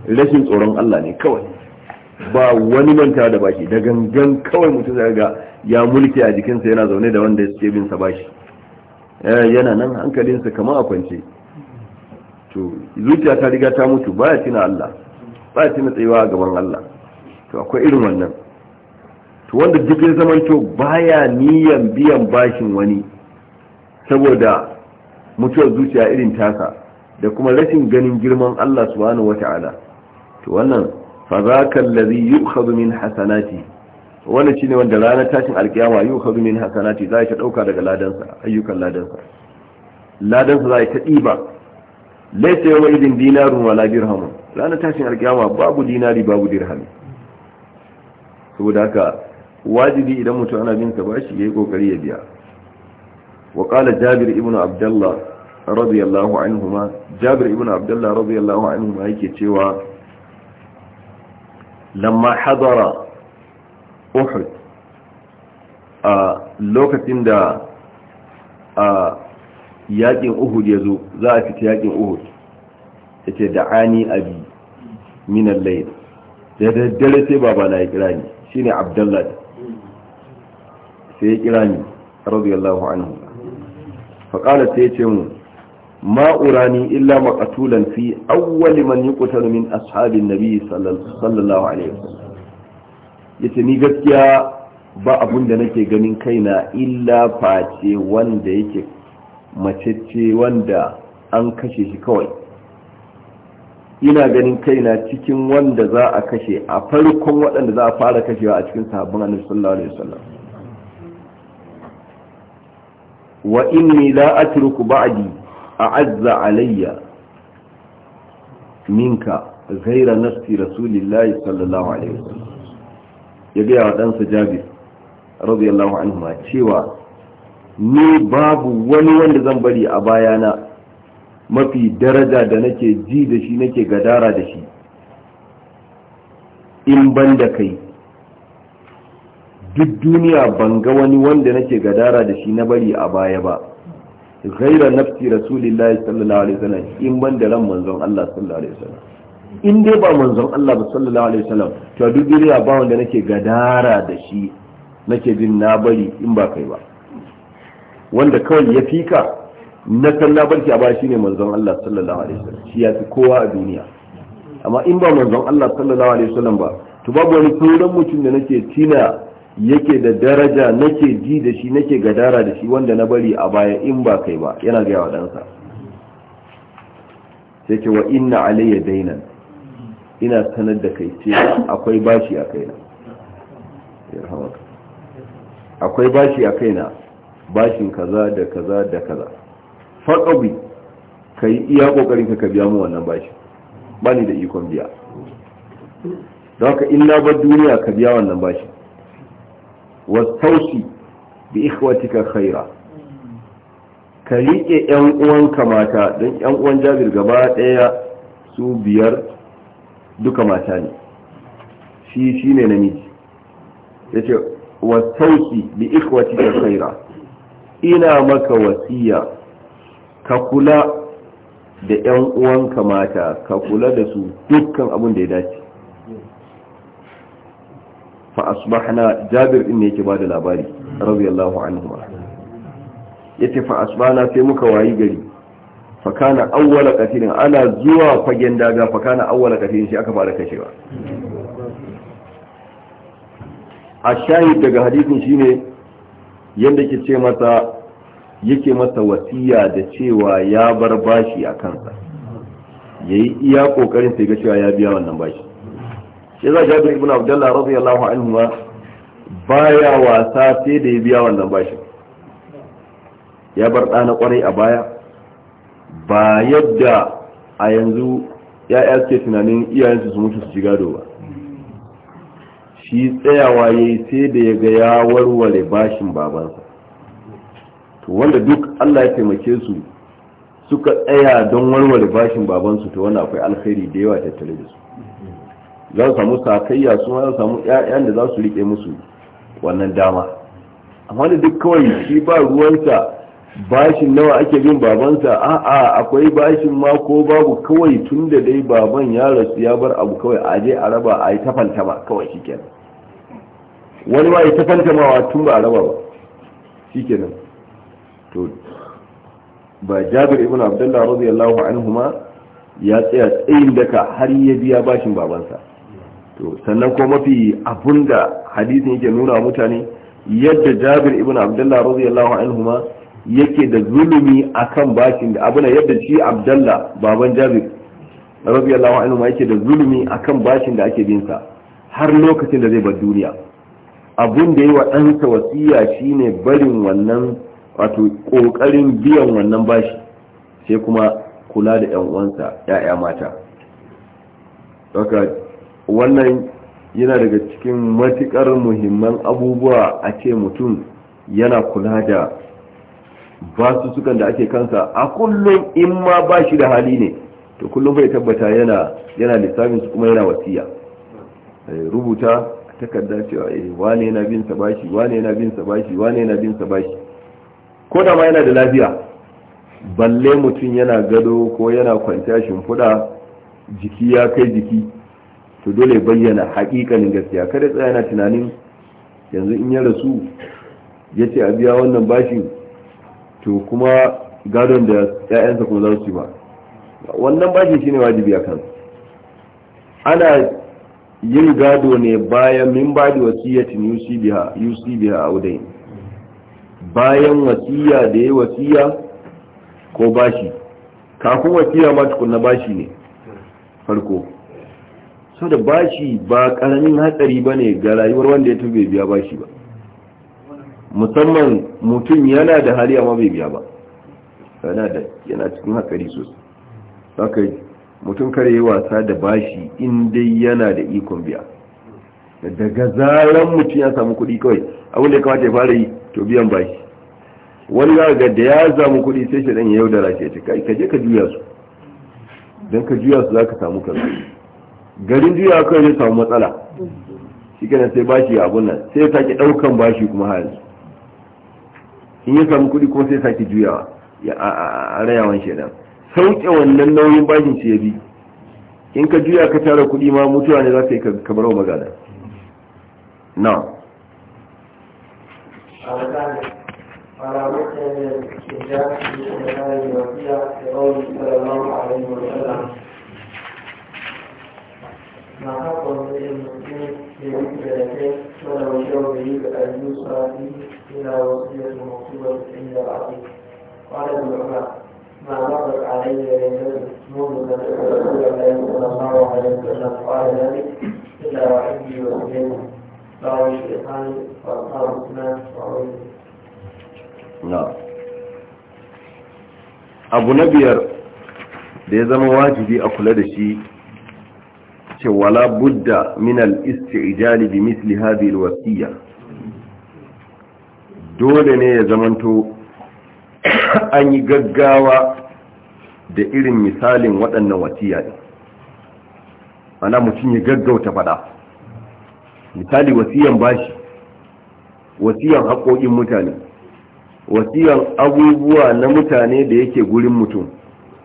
rashin tsoron Allah ne kawai ba wani manta da bashi da gangan kawai mutum zai ga ya mulki a jikinsa yana zaune da wanda suke bin sa bashi eh, yana nan hankalinsa kamar a kwance to zuciya ta riga ta mutu baya tina Allah baya tina tsayuwa a gaban Allah to akwai irin wannan to wanda duk ya zamanto baya niyan biyan bashin wani saboda mutuwar zuciya irin tasa, da kuma rashin ganin girman Allah subhanahu wata'ala to wannan fa zaka allazi yukhadhu min hasanati wannan shine wanda ranar tashin alkiyama yukhadhu min hasanati za ta dauka daga ladansa ayyukan ladansa ladansa za ta diba laysa yawma idin dinarun wala dirhamun ranar tashin alkiyama babu dinari babu dirhami saboda haka wajibi idan mutum ana bin sa bashi yayi kokari ya biya wa qala jabir ibn abdullah radiyallahu anhuma jabir ibn abdullah radiyallahu anhuma yake cewa lamma hadara uhud a lokacin da a yakin uhud ya zo za a fita yakin uhud yace da'ani abi min al-layl da daddare sai babana ya kira ni shine abdullah sai ya kira ni radiyallahu anhu faƙala sai ya ce mu ma urani illa maqatulan fi awwal man yuqtalu min ashabin nabi sallallahu alaihi wasallam yace ni gaskiya ba abun da nake ganin kaina illa face wanda yake macece wanda an kashe shi kawai ina ganin kaina cikin wanda za a kashe a farkon waɗanda za a fara kashewa a cikin sahabban annabi sallallahu alaihi wasallam wa inni la atruku ba'di a'azza alayya minka ghayra nafsi rasulillahi sallallahu alaihi wasallam ya ga wa jabir radiyallahu anhu cewa ni babu wani wanda zan bari a bayana mafi daraja da nake ji da shi nake gadara da shi in ban da kai duk duniya ban ga wani wanda nake gadara da shi na bari a baya ba ghaira nafsi rasulillahi sallallahu alaihi wasallam in ban da ran manzon Allah sallallahu alaihi wasallam in dai ba manzon Allah ba sallallahu alaihi wasallam to duk duniya ba wanda nake gadara da shi nake jin na bari in ba kai ba wanda kawai ya fika na san na barki a baya shine manzon Allah sallallahu alaihi wasallam shi ya fi kowa a duniya amma in ba manzon Allah sallallahu alaihi wasallam ba to babu wani sauran mutum da nake tina yake da daraja nake ji da shi nake gadara da shi wanda na bari a baya in ba kai ba yana gaya wa ɗansa sai ce wa inna alayya dainan ina sanar da kai ce akwai bashi a kaina akwai bashi a kaina bashin kaza da kaza da kaza faƙabi ka yi iya ƙoƙarin ka biya mu wannan bashi ba ni da ikon biya don haka in na bar duniya ka biya wannan bashi wastausi bi ikhwatika khaira ka riƙe 'yan uwanka mata don 'yan uwan jabir gaba ɗaya su biyar duka mata ne shi shi ne namiji ya ce wasauki bi ikhwatika khaira ina maka wasiya ka kula da 'yan uwanka mata ka kula da su dukkan abin da ya dace fa asbahna jabir din ne yake bada labari radiyallahu anhu yace fa asbahna sai muka wayi gari fa kana awwala qatilin ana zuwa fagen daga fa kana awwala qatilin shi aka fara kashewa a daga hadisin shine yadda yake ce masa yake masa wasiya da cewa ya bar bashi a kansa yayi iya kokarin sai ga cewa ya biya wannan bashi shi za jabir ibn abdullah radiyallahu anhu baya wasa sai da ya biya wannan bashin ya bar ɗana kwarai a baya ba yadda a yanzu ya'ya suke tunanin iyayensu su mutu su ji gado ba shi tsayawa ya yi sai da ya ga ya warware bashin babansa to wanda duk allah ya taimake su suka tsaya don warware bashin babansu to wanda akwai alkhairi da yawa tattare da su za su samu sakayya su ma za su samu ƴaƴan da za su rike musu wannan dama amma da duk kawai shi ba ruwansa bashin nawa ake bin babansa a'a akwai bashin ma ko babu kawai tun da dai baban ya rasu ya bar abu kawai a je a raba a yi tafanta ma kawai shikenan wani ma yi tafanta ma tun ba a raba ba shikenan to ba jabir ibn abdullah radiyallahu anhu ma ya tsaya tsayin daka har ya biya bashin babansa to sannan ko mafi abunda hadisin yake nuna mutane yadda jabir ibn abdullah radiyallahu anhu ma yake da zulumi akan bakin da abuna yadda shi abdullah baban jabir radiyallahu anhu ma yake da zulumi akan bashin da ake bin sa har lokacin da zai bar duniya abun da yi wa ɗansa wasiya shine barin wannan wato ƙoƙarin biyan wannan bashi sai kuma kula da 'yan uwansa 'ya'ya mata daga wannan yana daga cikin matukar muhimman abubuwa a ce mutum yana kula da basu sukan da ake kansa a kullum in ma ba shi da hali ne to kullum bai tabbata yana yana kuma yana wasiya eh, rubuta a takarda cewa eh, wane yana bin sa bashi wane yana bin sa bashi wane yana bin sa bashi ko da ma yana da lafiya balle mutum yana gado ko yana kwanciya shimfiɗa jiki ya kai jiki to dole bayyana haƙiƙanin gaskiya kada tsaya yana tunanin yanzu in ya rasu ya ce a biya wannan bashin to kuma gadon da 'ya'yansa kuma za su ci ba wannan bashin shine wajibi a kansu ana yin gado ne bayan min ba da wasiyyatin yusi biya a udain bayan wasiya da ya wasiya ko bashi kafin wasiya ma tukunna bashi ne farko saboda bashi ba karamin hatsari ba ne ga rayuwar wanda ya tafi bai biya bashi ba musamman mutum yana da hali amma bai biya ba yana da yana cikin hatsari sosai haka mutum kare yi wasa da bashi in dai yana da ikon biya daga zaran mutum ya samu kuɗi kawai abinda ya kamata ya fara yi to biyan bashi wani za da ya samu kuɗi sai shi ɗan ya yaudara shi ya ce ka je ka juya su don ka juya su za ka samu kaza garin juya kawai zai samu matsala shi kana sai bashi ya abun nan sai ya sake ɗaukan bashi kuma hali in ya samu kuɗi kuma sai ya sake juyawa a rayawan shaidan sauke wannan nauyin bashin shi ya bi in ka juya ka tara kuɗi ma mutuwa ne za ka yi ka bar wa magana na على متن ma haƙon ɗaya mutum da ya da na kai mana wajen da yi ga ayyu sa'adi yana wasu yin mutu ba su ɗin da ake ƙwada da ba ma ba ka ƙarai da ya yi nuna da ta ƙasa da ya yi kuma ma wa hanyar da na ƙwada da ne ina wa ɗin yi wasu yin ba wa shi da hannu ba ta mutu na ba wa yi abu na biyar da ya zama wajibi a kula da shi ce wala budda min al-istijali bi misli hadhihi al-wasiyya dole ne ya zamanto an yi gaggawa da irin misalin waɗannan wasiya ne ana mutum ya gaggauta fada misali wasiyan bashi wasiyan haƙoƙin mutane wasiyan abubuwa na mutane da yake gurin mutum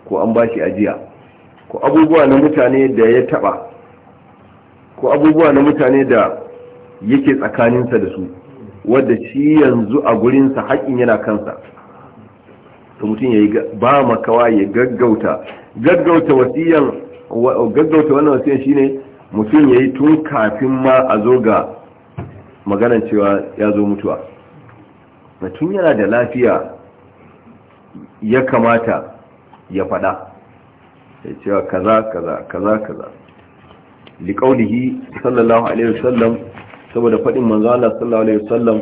ko an bashi ajiya ko abubuwa na mutane da ya taɓa ko abubuwa na mutane da yake tsakaninsa da su wadda shi yanzu a gurinsa haƙƙin yana kansa ta mutum ya yi ba makawa ya gaggauta gaggauta wasiyan gaggauta wannan wasiyan ne mutum ya yi tun kafin ma a zo ga maganan cewa ya zo mutuwa mutum yana da lafiya ya kamata ya faɗa ya cewa kaza kaza kaza kaza liqaulihi sallallahu alaihi wasallam saboda faɗin manzo Allah sallallahu alaihi wasallam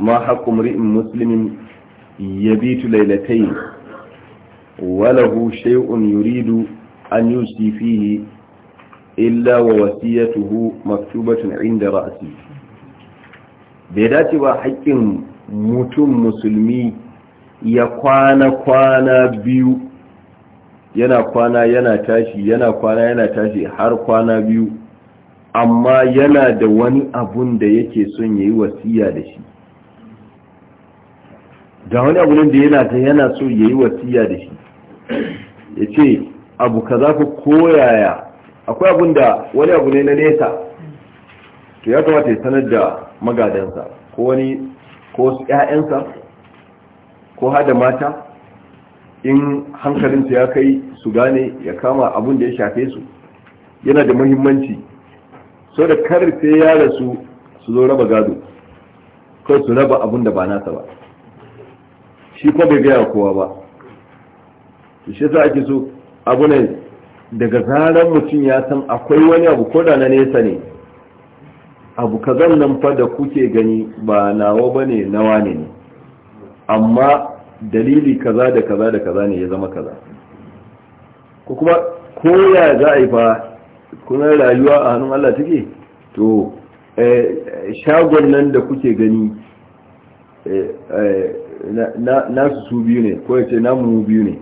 ma haqqu mri'in muslimin yabitu laylatayn wa lahu shay'un yuridu an yusi fihi illa wa wasiyatuhu maktubatun inda ra'si bai dace ba haƙƙin mutum musulmi ya kwana kwana biyu yana kwana yana tashi yana kwana yana tashi har kwana biyu amma yana da wani abun da yake son yayi wasiya da shi da wani abun da yana ta yana so yayi wasiya da shi yace abu kaza ku koyaya akwai abun da wani abu ne na nesa to ya kamata ya sanar da magadansa ko wani ko ƴaƴansa ko hada mata in hankalinsu ya kai su gane ya kama abun da ya shafe su yana da muhimmanci so da kar sai ya rasu su zo raba gado ko su raba abun da ba nasa ba shi ko bai gaya kowa ba to shi yasa ake so abu ne daga zaran mutum ya san akwai wani abu ko da na nesa ne abu kazan nan fa da kuke gani ba nawa ba ne nawa ne amma dalili kaza da kaza da kaza ne ya zama kaza ko kuma ya za a yi fa kuna rayuwa a hannun Allah take to eh, eh, shagon nan da kuke gani eh, nasu su biyu ne ko yace namu biyu ne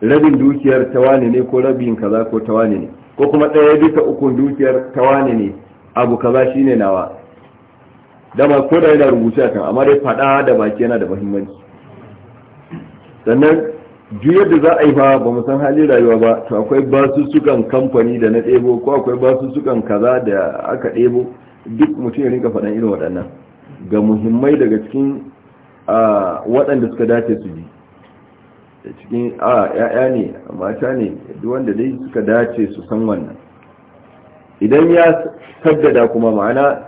rabin dukiyar tawani ne ko rabin kaza ko tawani ne ko kuma ɗaya duka ukun dukiyar tawani ne abu kaza shine nawa dama ko da yana rubuce kan amma dai fada da baki yana da muhimmanci sannan duk da za a yi fa ba mu san halin rayuwa ba to akwai basussukan kamfani da na ɗebo ko akwai basussukan kaza da aka ɗebo duk mutum ya rinka faɗan irin waɗannan ga muhimmai daga cikin waɗanda suka dace su ji da cikin a ya'ya ne mata ne duk wanda dai suka dace su san wannan idan ya saddada kuma ma'ana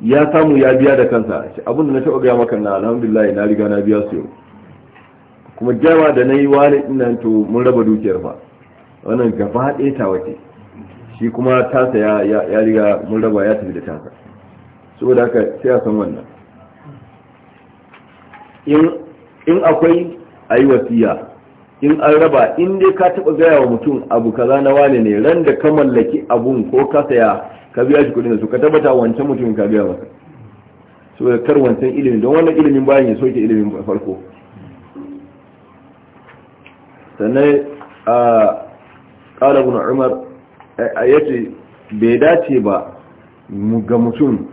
ya samu ya biya da kansa abin na taɓa gaya maka na alhamdulillah na riga na biya su yau kuma jama da na yi wani ina to mun raba dukiyar fa wannan gaba ɗaya ta wace shi kuma tasa ya riga mun raba ya tafi da tasa saboda haka sai a san wannan in akwai a yi wasiya in an raba in dai ka taɓa gaya wa mutum abu kaza na wane ne ran da ka mallaki abun ko ka saya ka biya shi kuɗin na su ka tabbata wancan mutum ka biya masa saboda kar wancan ilimin don wannan ilimin bayan ya soke ilimin farko sannan a ƙara guna umar ya ce bai dace ba ga mutum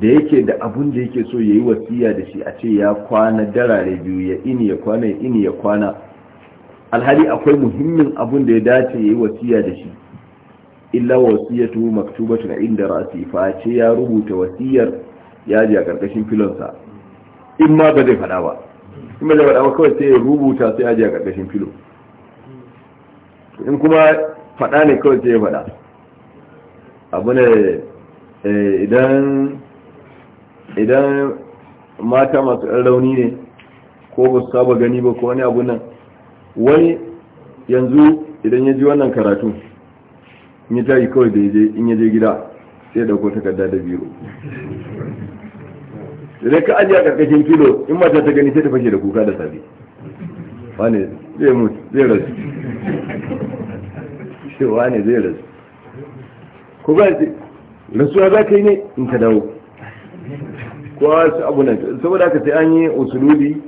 da yake da abun da yake so ya yi wasiya da shi a ce ya kwana darare biyu ya ini ya kwana ya ini ya kwana alhali akwai muhimmin abun da ya dace ya yi wasiya da shi illa wasiyatu maktubatun inda rasi fa ce ya rubuta wasiyar ya ji a ƙarƙashin filonsa in ma ba zai fada ba in bai zai kawai sai ya rubuta sai ajiye a ƙarƙashin filo in kuma faɗa ne kawai sai ya faɗa abu ne eh, idan idan mata masu ɗan rauni ne ko ba su saba gani ba ko wani abu nan wani yanzu idan ya ji wannan karatu in ya tashi kawai da in ya je gida sai ya ɗauko takarda da biyu. sai ka ajiye a karkashin kilo in mata ta gani sai ta fashe da kuka da safe wane zai mutu zai rasu shi wane zai rasu ko ba ce rasuwa za ka yi ne in ta dawo kowa su abu nan saboda haka sai an yi usuludi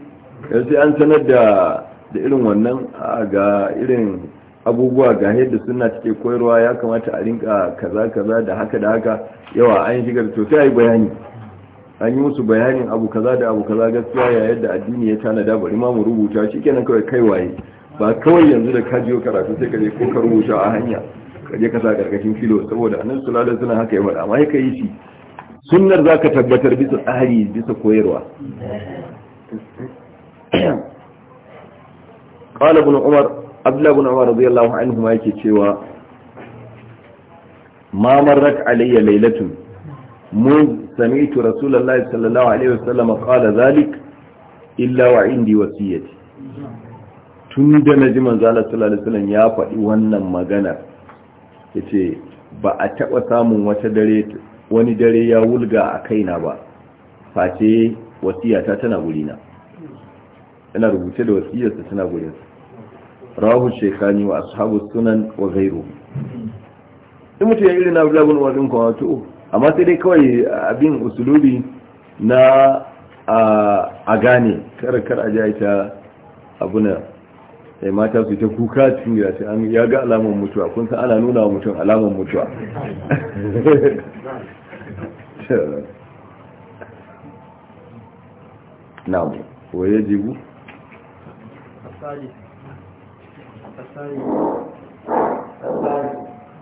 sai an sanar da da irin wannan ga irin abubuwa ga yadda suna cike koyarwa ya kamata a rinka kaza kaza da haka da haka yawa an shigar to sai a yi bayani an yi musu bayanin abu kaza da abu kaza gaskiya ya yadda addini ya da bari ma mu rubuta shi kenan kawai kai waye ba kawai yanzu da ka jiyo karatu sai ka je ko ka rubuta a hanya ka je ka sa karkashin filo saboda annabi sallallahu suna haka yi faɗa amma kai yi shi sunnar zaka tabbatar bisa tsari bisa koyarwa qala ibn umar abdullah ibn umar radiyallahu anhu ma yake cewa ma marrat alayya laylatun mun sami'tu rasulullahi sallallahu alaihi wasallam qala zalik illa wa indi wasiyati tun da naji manzo Allah sallallahu alaihi wasallam ya faɗi wannan magana yace ba a taɓa samun wata dare wani dare ya wulga a kaina ba face wasiyata tana gurina Ina rubuce da wasiyarsa tana gurinsa rahu shekani wa ashabu sunan wa gairu in mutum ya irin na bulabun wajen kuma to amma sai dai kawai abin usuluri na a gane karakar a ji ta abuna sai eh, mata su ta kuka gida ta an ya ga alamun mutuwa kun san ana nuna wa mutum alamun mutuwa mu waye jibu asali asali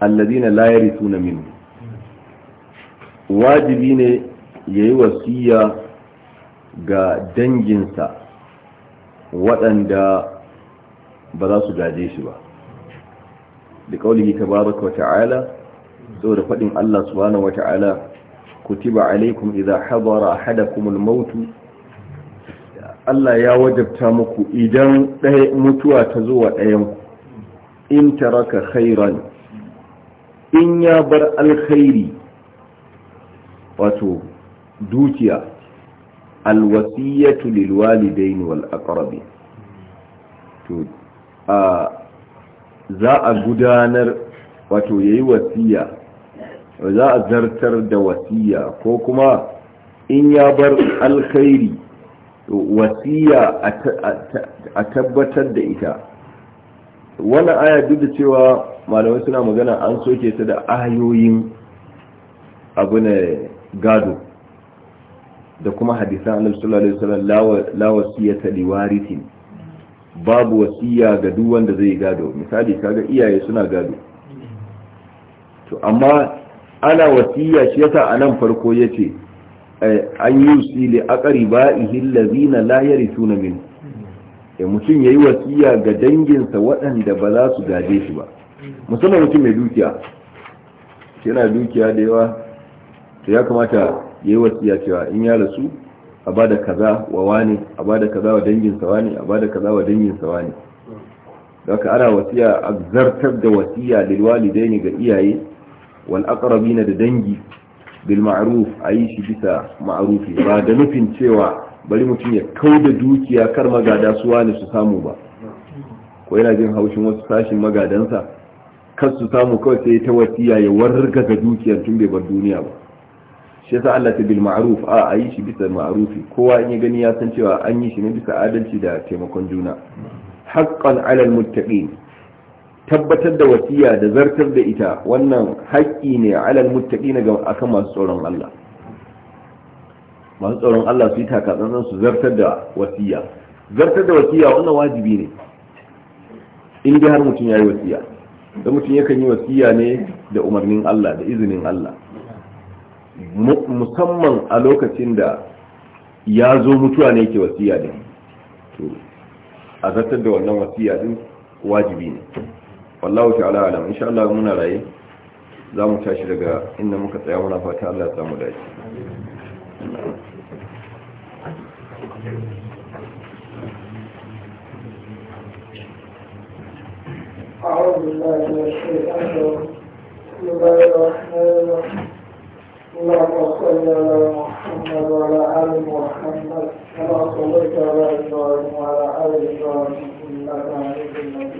alladina la yarithuna minhu wajibi ne ya yi wasiya ga danginsa waɗanda ba za su gaje shi ba da kaulihi tabaraka wa ta'ala saboda faɗin Allah subhanahu wa ta'ala kutiba alaikum idza hadara ahadakum al-maut Allah ya wajabta muku idan mutuwa ta zo wa ɗayan in ta raka khairan in ya bar alkhairi wato dukiya alwasiyatu lilwalidaini wal aqrabi to a za a gudanar wato yayi wasiya za a zartar da wasiya ko kuma in ya bar alkhairi wasiya a tabbatar da ita wannan aya duk da cewa malamai suna magana an soke ta da ayoyin abu ne gado da kuma hadisan annabi sallallahu alaihi wasallam la wasiyata liwarithi babu wasiya ga duk wanda zai gado misali kaga iyaye suna gado to amma ana wasiya shi yasa anan farko yace an yusi li aqribaihi allazina la yarithuna minhu Eh, mutum ya yi wasiya ga danginsa waɗanda ba za su gaje shi ba musamman mutum mai dukiya yana dukiya da yawa to ya kamata ya yi wasiya cewa in ya rasu a ba da kaza wa wani a ba da kaza wa danginsa wani a ba da kaza wa danginsa wani ka ana wasiya a zartar da wasiya dai ne ga iyaye wal aqrabina da dangi bil ma'ruf yi shi bisa ma'rufi ba da nufin cewa bari mutum ya kau da dukiya kar magada su wani su samu ba ko yana jin haushin wasu sashin magadansa kar su samu kawai sai ta wasiya ya warga ga dukiyar tun bai bar duniya ba shi yasa Allah ta bil ma'ruf a ayi shi bisa ma'rufi kowa in ya gani ya san cewa an yi shi ne bisa adalci da taimakon juna haqqan 'alal muttaqin tabbatar da wasiya da zartar da ita wannan haƙƙi ne alal muttaqi ga akan masu tsoron Allah masu tsoron Allah su yi takatsantsan su zartar da wasiya zartar da wasiya wannan wajibi ne in dai har mutum ya yi wasiya da mutum yakan yi wasiya ne da umarnin Allah da izinin Allah musamman a lokacin da ya zo mutuwa ne ke wasiya din to a zartar da wannan wasiya din wajibi ne wallahu ta'ala alam insha Allah muna raye za mu tashi daga inda muka tsaya muna fata Allah ya samu dace أعوذ بالله من الشيطان الرجيم بسم الله الرحمن الرحيم اللهم صل على محمد وعلى آل محمد كما صليت على إبراهيم وعلى آل إبراهيم إنك حميد مجيد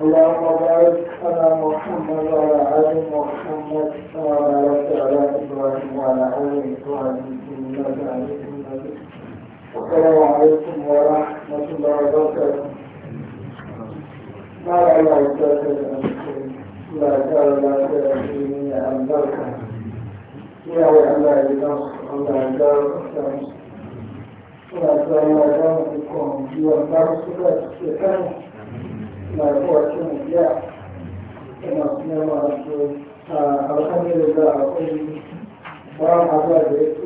اللهم بارك على محمد وعلى آل محمد كما باركت على إبراهيم وعلى آل إبراهيم إنك حميد السلام عليكم ورحمة الله وبركاته ما رأي عزتك لا ترى لا ترى فيني أنبرك يا وعلا يدرس الله يدرس لا ترى لا ترى فيكم يدرس لا تستطيع لا قوة إلا كما سمعنا الحمد لله أقول برحمة الله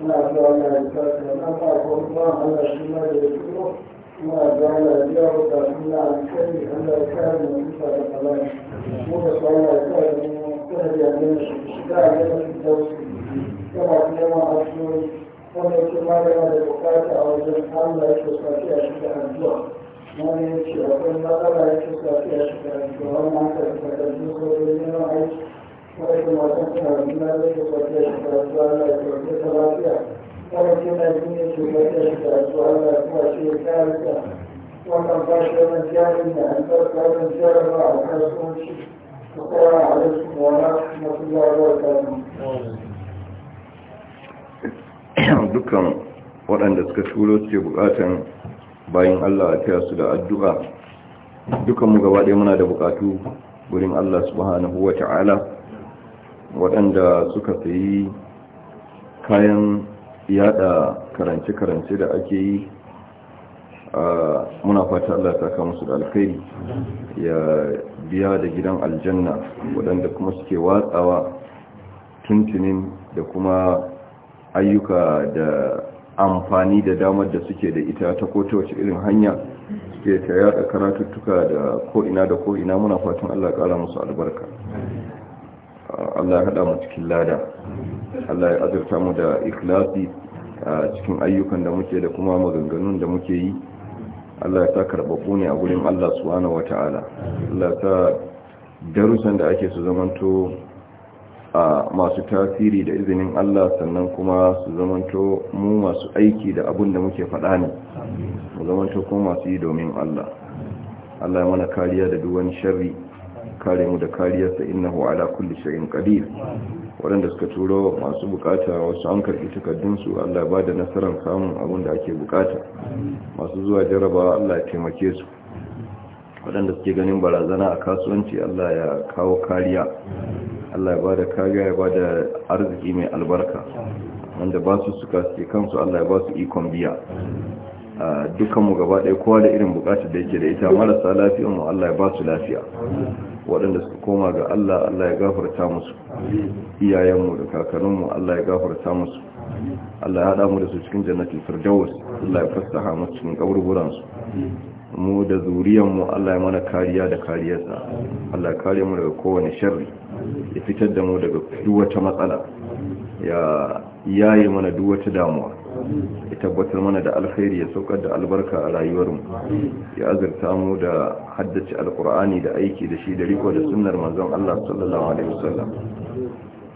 ina ga Allah ya kasa na shi ma da ya da falai mu da Allah ya kare ke ma da bukata a wajen Allah a shiga addu'a wani ya ce akwai matsala ya kusa a shiga addu'a wannan aka tabbata ko wani neman aiki dukkan waɗanda suka turo suke buƙatan bayan Allah a kira su da addu'a dukkanmu gaba ɗaya muna da buƙatu wurin Allah subhanahu wa ta'ala waɗanda suka sayi kayan yada karance-karance da ake yi muna fata Allah ta kama su da alkhairi ya biya da gidan aljanna waɗanda kuma suke watsawa tuntunin da kuma ayyuka da amfani da damar da suke da ita ta ko wace irin hanya suke ta yada karatuttuka da ko'ina da ko'ina muna fatan Allah ƙara musu albarka Allah ya haɗa mu cikin lada Allah ya azurta mu da ikhlasi a cikin ayyukan da muke da kuma maganganun da muke yi Allah ya sa karɓaɓɓu ne a gurin Allah subhanahu wata'ala Allah ya sa darussan da ake su zamanto a masu tasiri da izinin Allah sannan kuma su zamanto mu masu aiki da abun da muke faɗa ne mu zamanto kuma masu yi domin Allah Allah ya mana kariya da duwan sharri kare mu da kariyarsa innahu ala kulli shay'in qadir waɗanda suka turo masu bukata wasu an karɓi takardunsu Allah ba da nasarar samun abin da ake bukata masu zuwa jaraba Allah ya taimake su waɗanda suke ganin barazana a kasuwanci Allah ya kawo kariya Allah ya bada kariya ya ba arziki mai albarka wanda ba su suka suke kansu Allah ya ba su ikon biya dukanmu gaba ɗaya kowa da irin bukatar da yake da ita marasa lafiyanmu Allah ya ba su lafiya waɗanda suka koma ga Allah Allah ya gafarta musu iyayenmu da kakanninmu Allah ya gafarta musu Allah ya haɗa mu da su cikin jannatin firdaus Allah ya fassaha musu cikin kaburburan su mu da zuriyan mu Allah ya mana kariya da kariyarsa Allah ya kare mu daga kowane sharri ya fitar da mu daga duwata matsala ya yaye mana duk wata damuwa ya tabbatar mana da alkhairi ya saukar da albarka a rayuwarmu ya azurta mu da haddace alkur'ani da aiki da shi da riko da sunnar manzon Allah sallallahu alaihi wasallam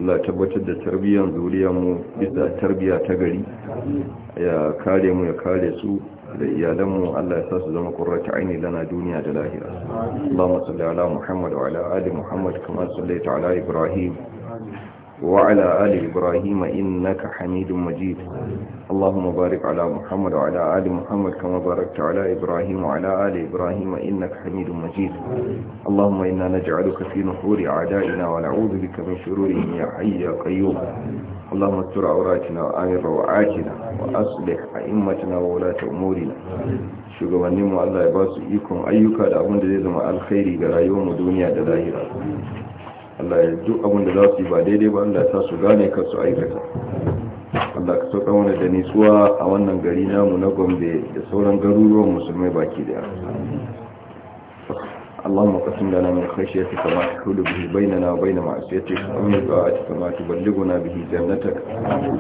Allah tabbatar da tarbiyyar mu bisa tarbiyya ta gari ya kare mu ya kare su da iyalanmu Allah ya sa su zama qurratu aini lana duniya da lahira Allahumma salli ala Muhammad wa ala ali Muhammad kama sallaita ala Ibrahim وعلى آل إبراهيم إنك حميد مجيد اللهم بارك على محمد وعلى آل محمد كما باركت على إبراهيم وعلى آل إبراهيم إنك حميد مجيد اللهم إنا نجعلك في نحور أعدائنا ونعوذ بك من شرورهم يا حي يا قيوم اللهم استر عوراتنا وآمن روعاتنا وأصلح أئمتنا وولاة أمورنا shugabanninmu Allah ya ba su ikon ayyuka da abin da zai zama alkhairi ga rayuwarmu duniya da lahira Allah ya duk abin da za su yi ba daidai ba Allah ya sa su gane kan su aikata Allah ka sauka mana da nitsuwa a wannan gari namu na Gombe da sauran garuruwan musulmai baki daya اللهم قسم لنا amma خشيتك ما تحول به na وبين معصيتك ومن طاعتك ما تبلغنا به جنتك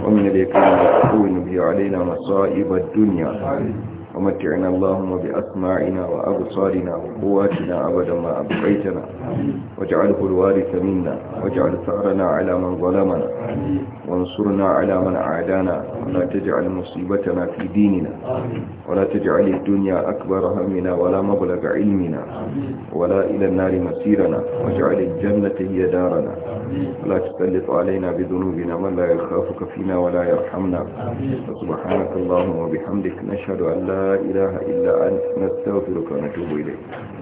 ومن اليقين ما تكون به علينا مصائب duniya. ومتعنا اللهم بأسماعنا وأبصارنا وقواتنا أبدا ما أبقيتنا واجعله الوارث منا واجعل ثأرنا على من ظلمنا وانصرنا على من عادانا ولا تجعل مصيبتنا في ديننا ولا تجعل الدنيا أكبر همنا ولا مبلغ علمنا ولا إلى النار مسيرنا واجعل الجنة هي دارنا ولا تسلط علينا بذنوبنا من لا يخافك فينا ولا يرحمنا سبحانك اللهم وبحمدك نشهد أن لا لا إله إلا أنت نستغفرك ونتوب إليك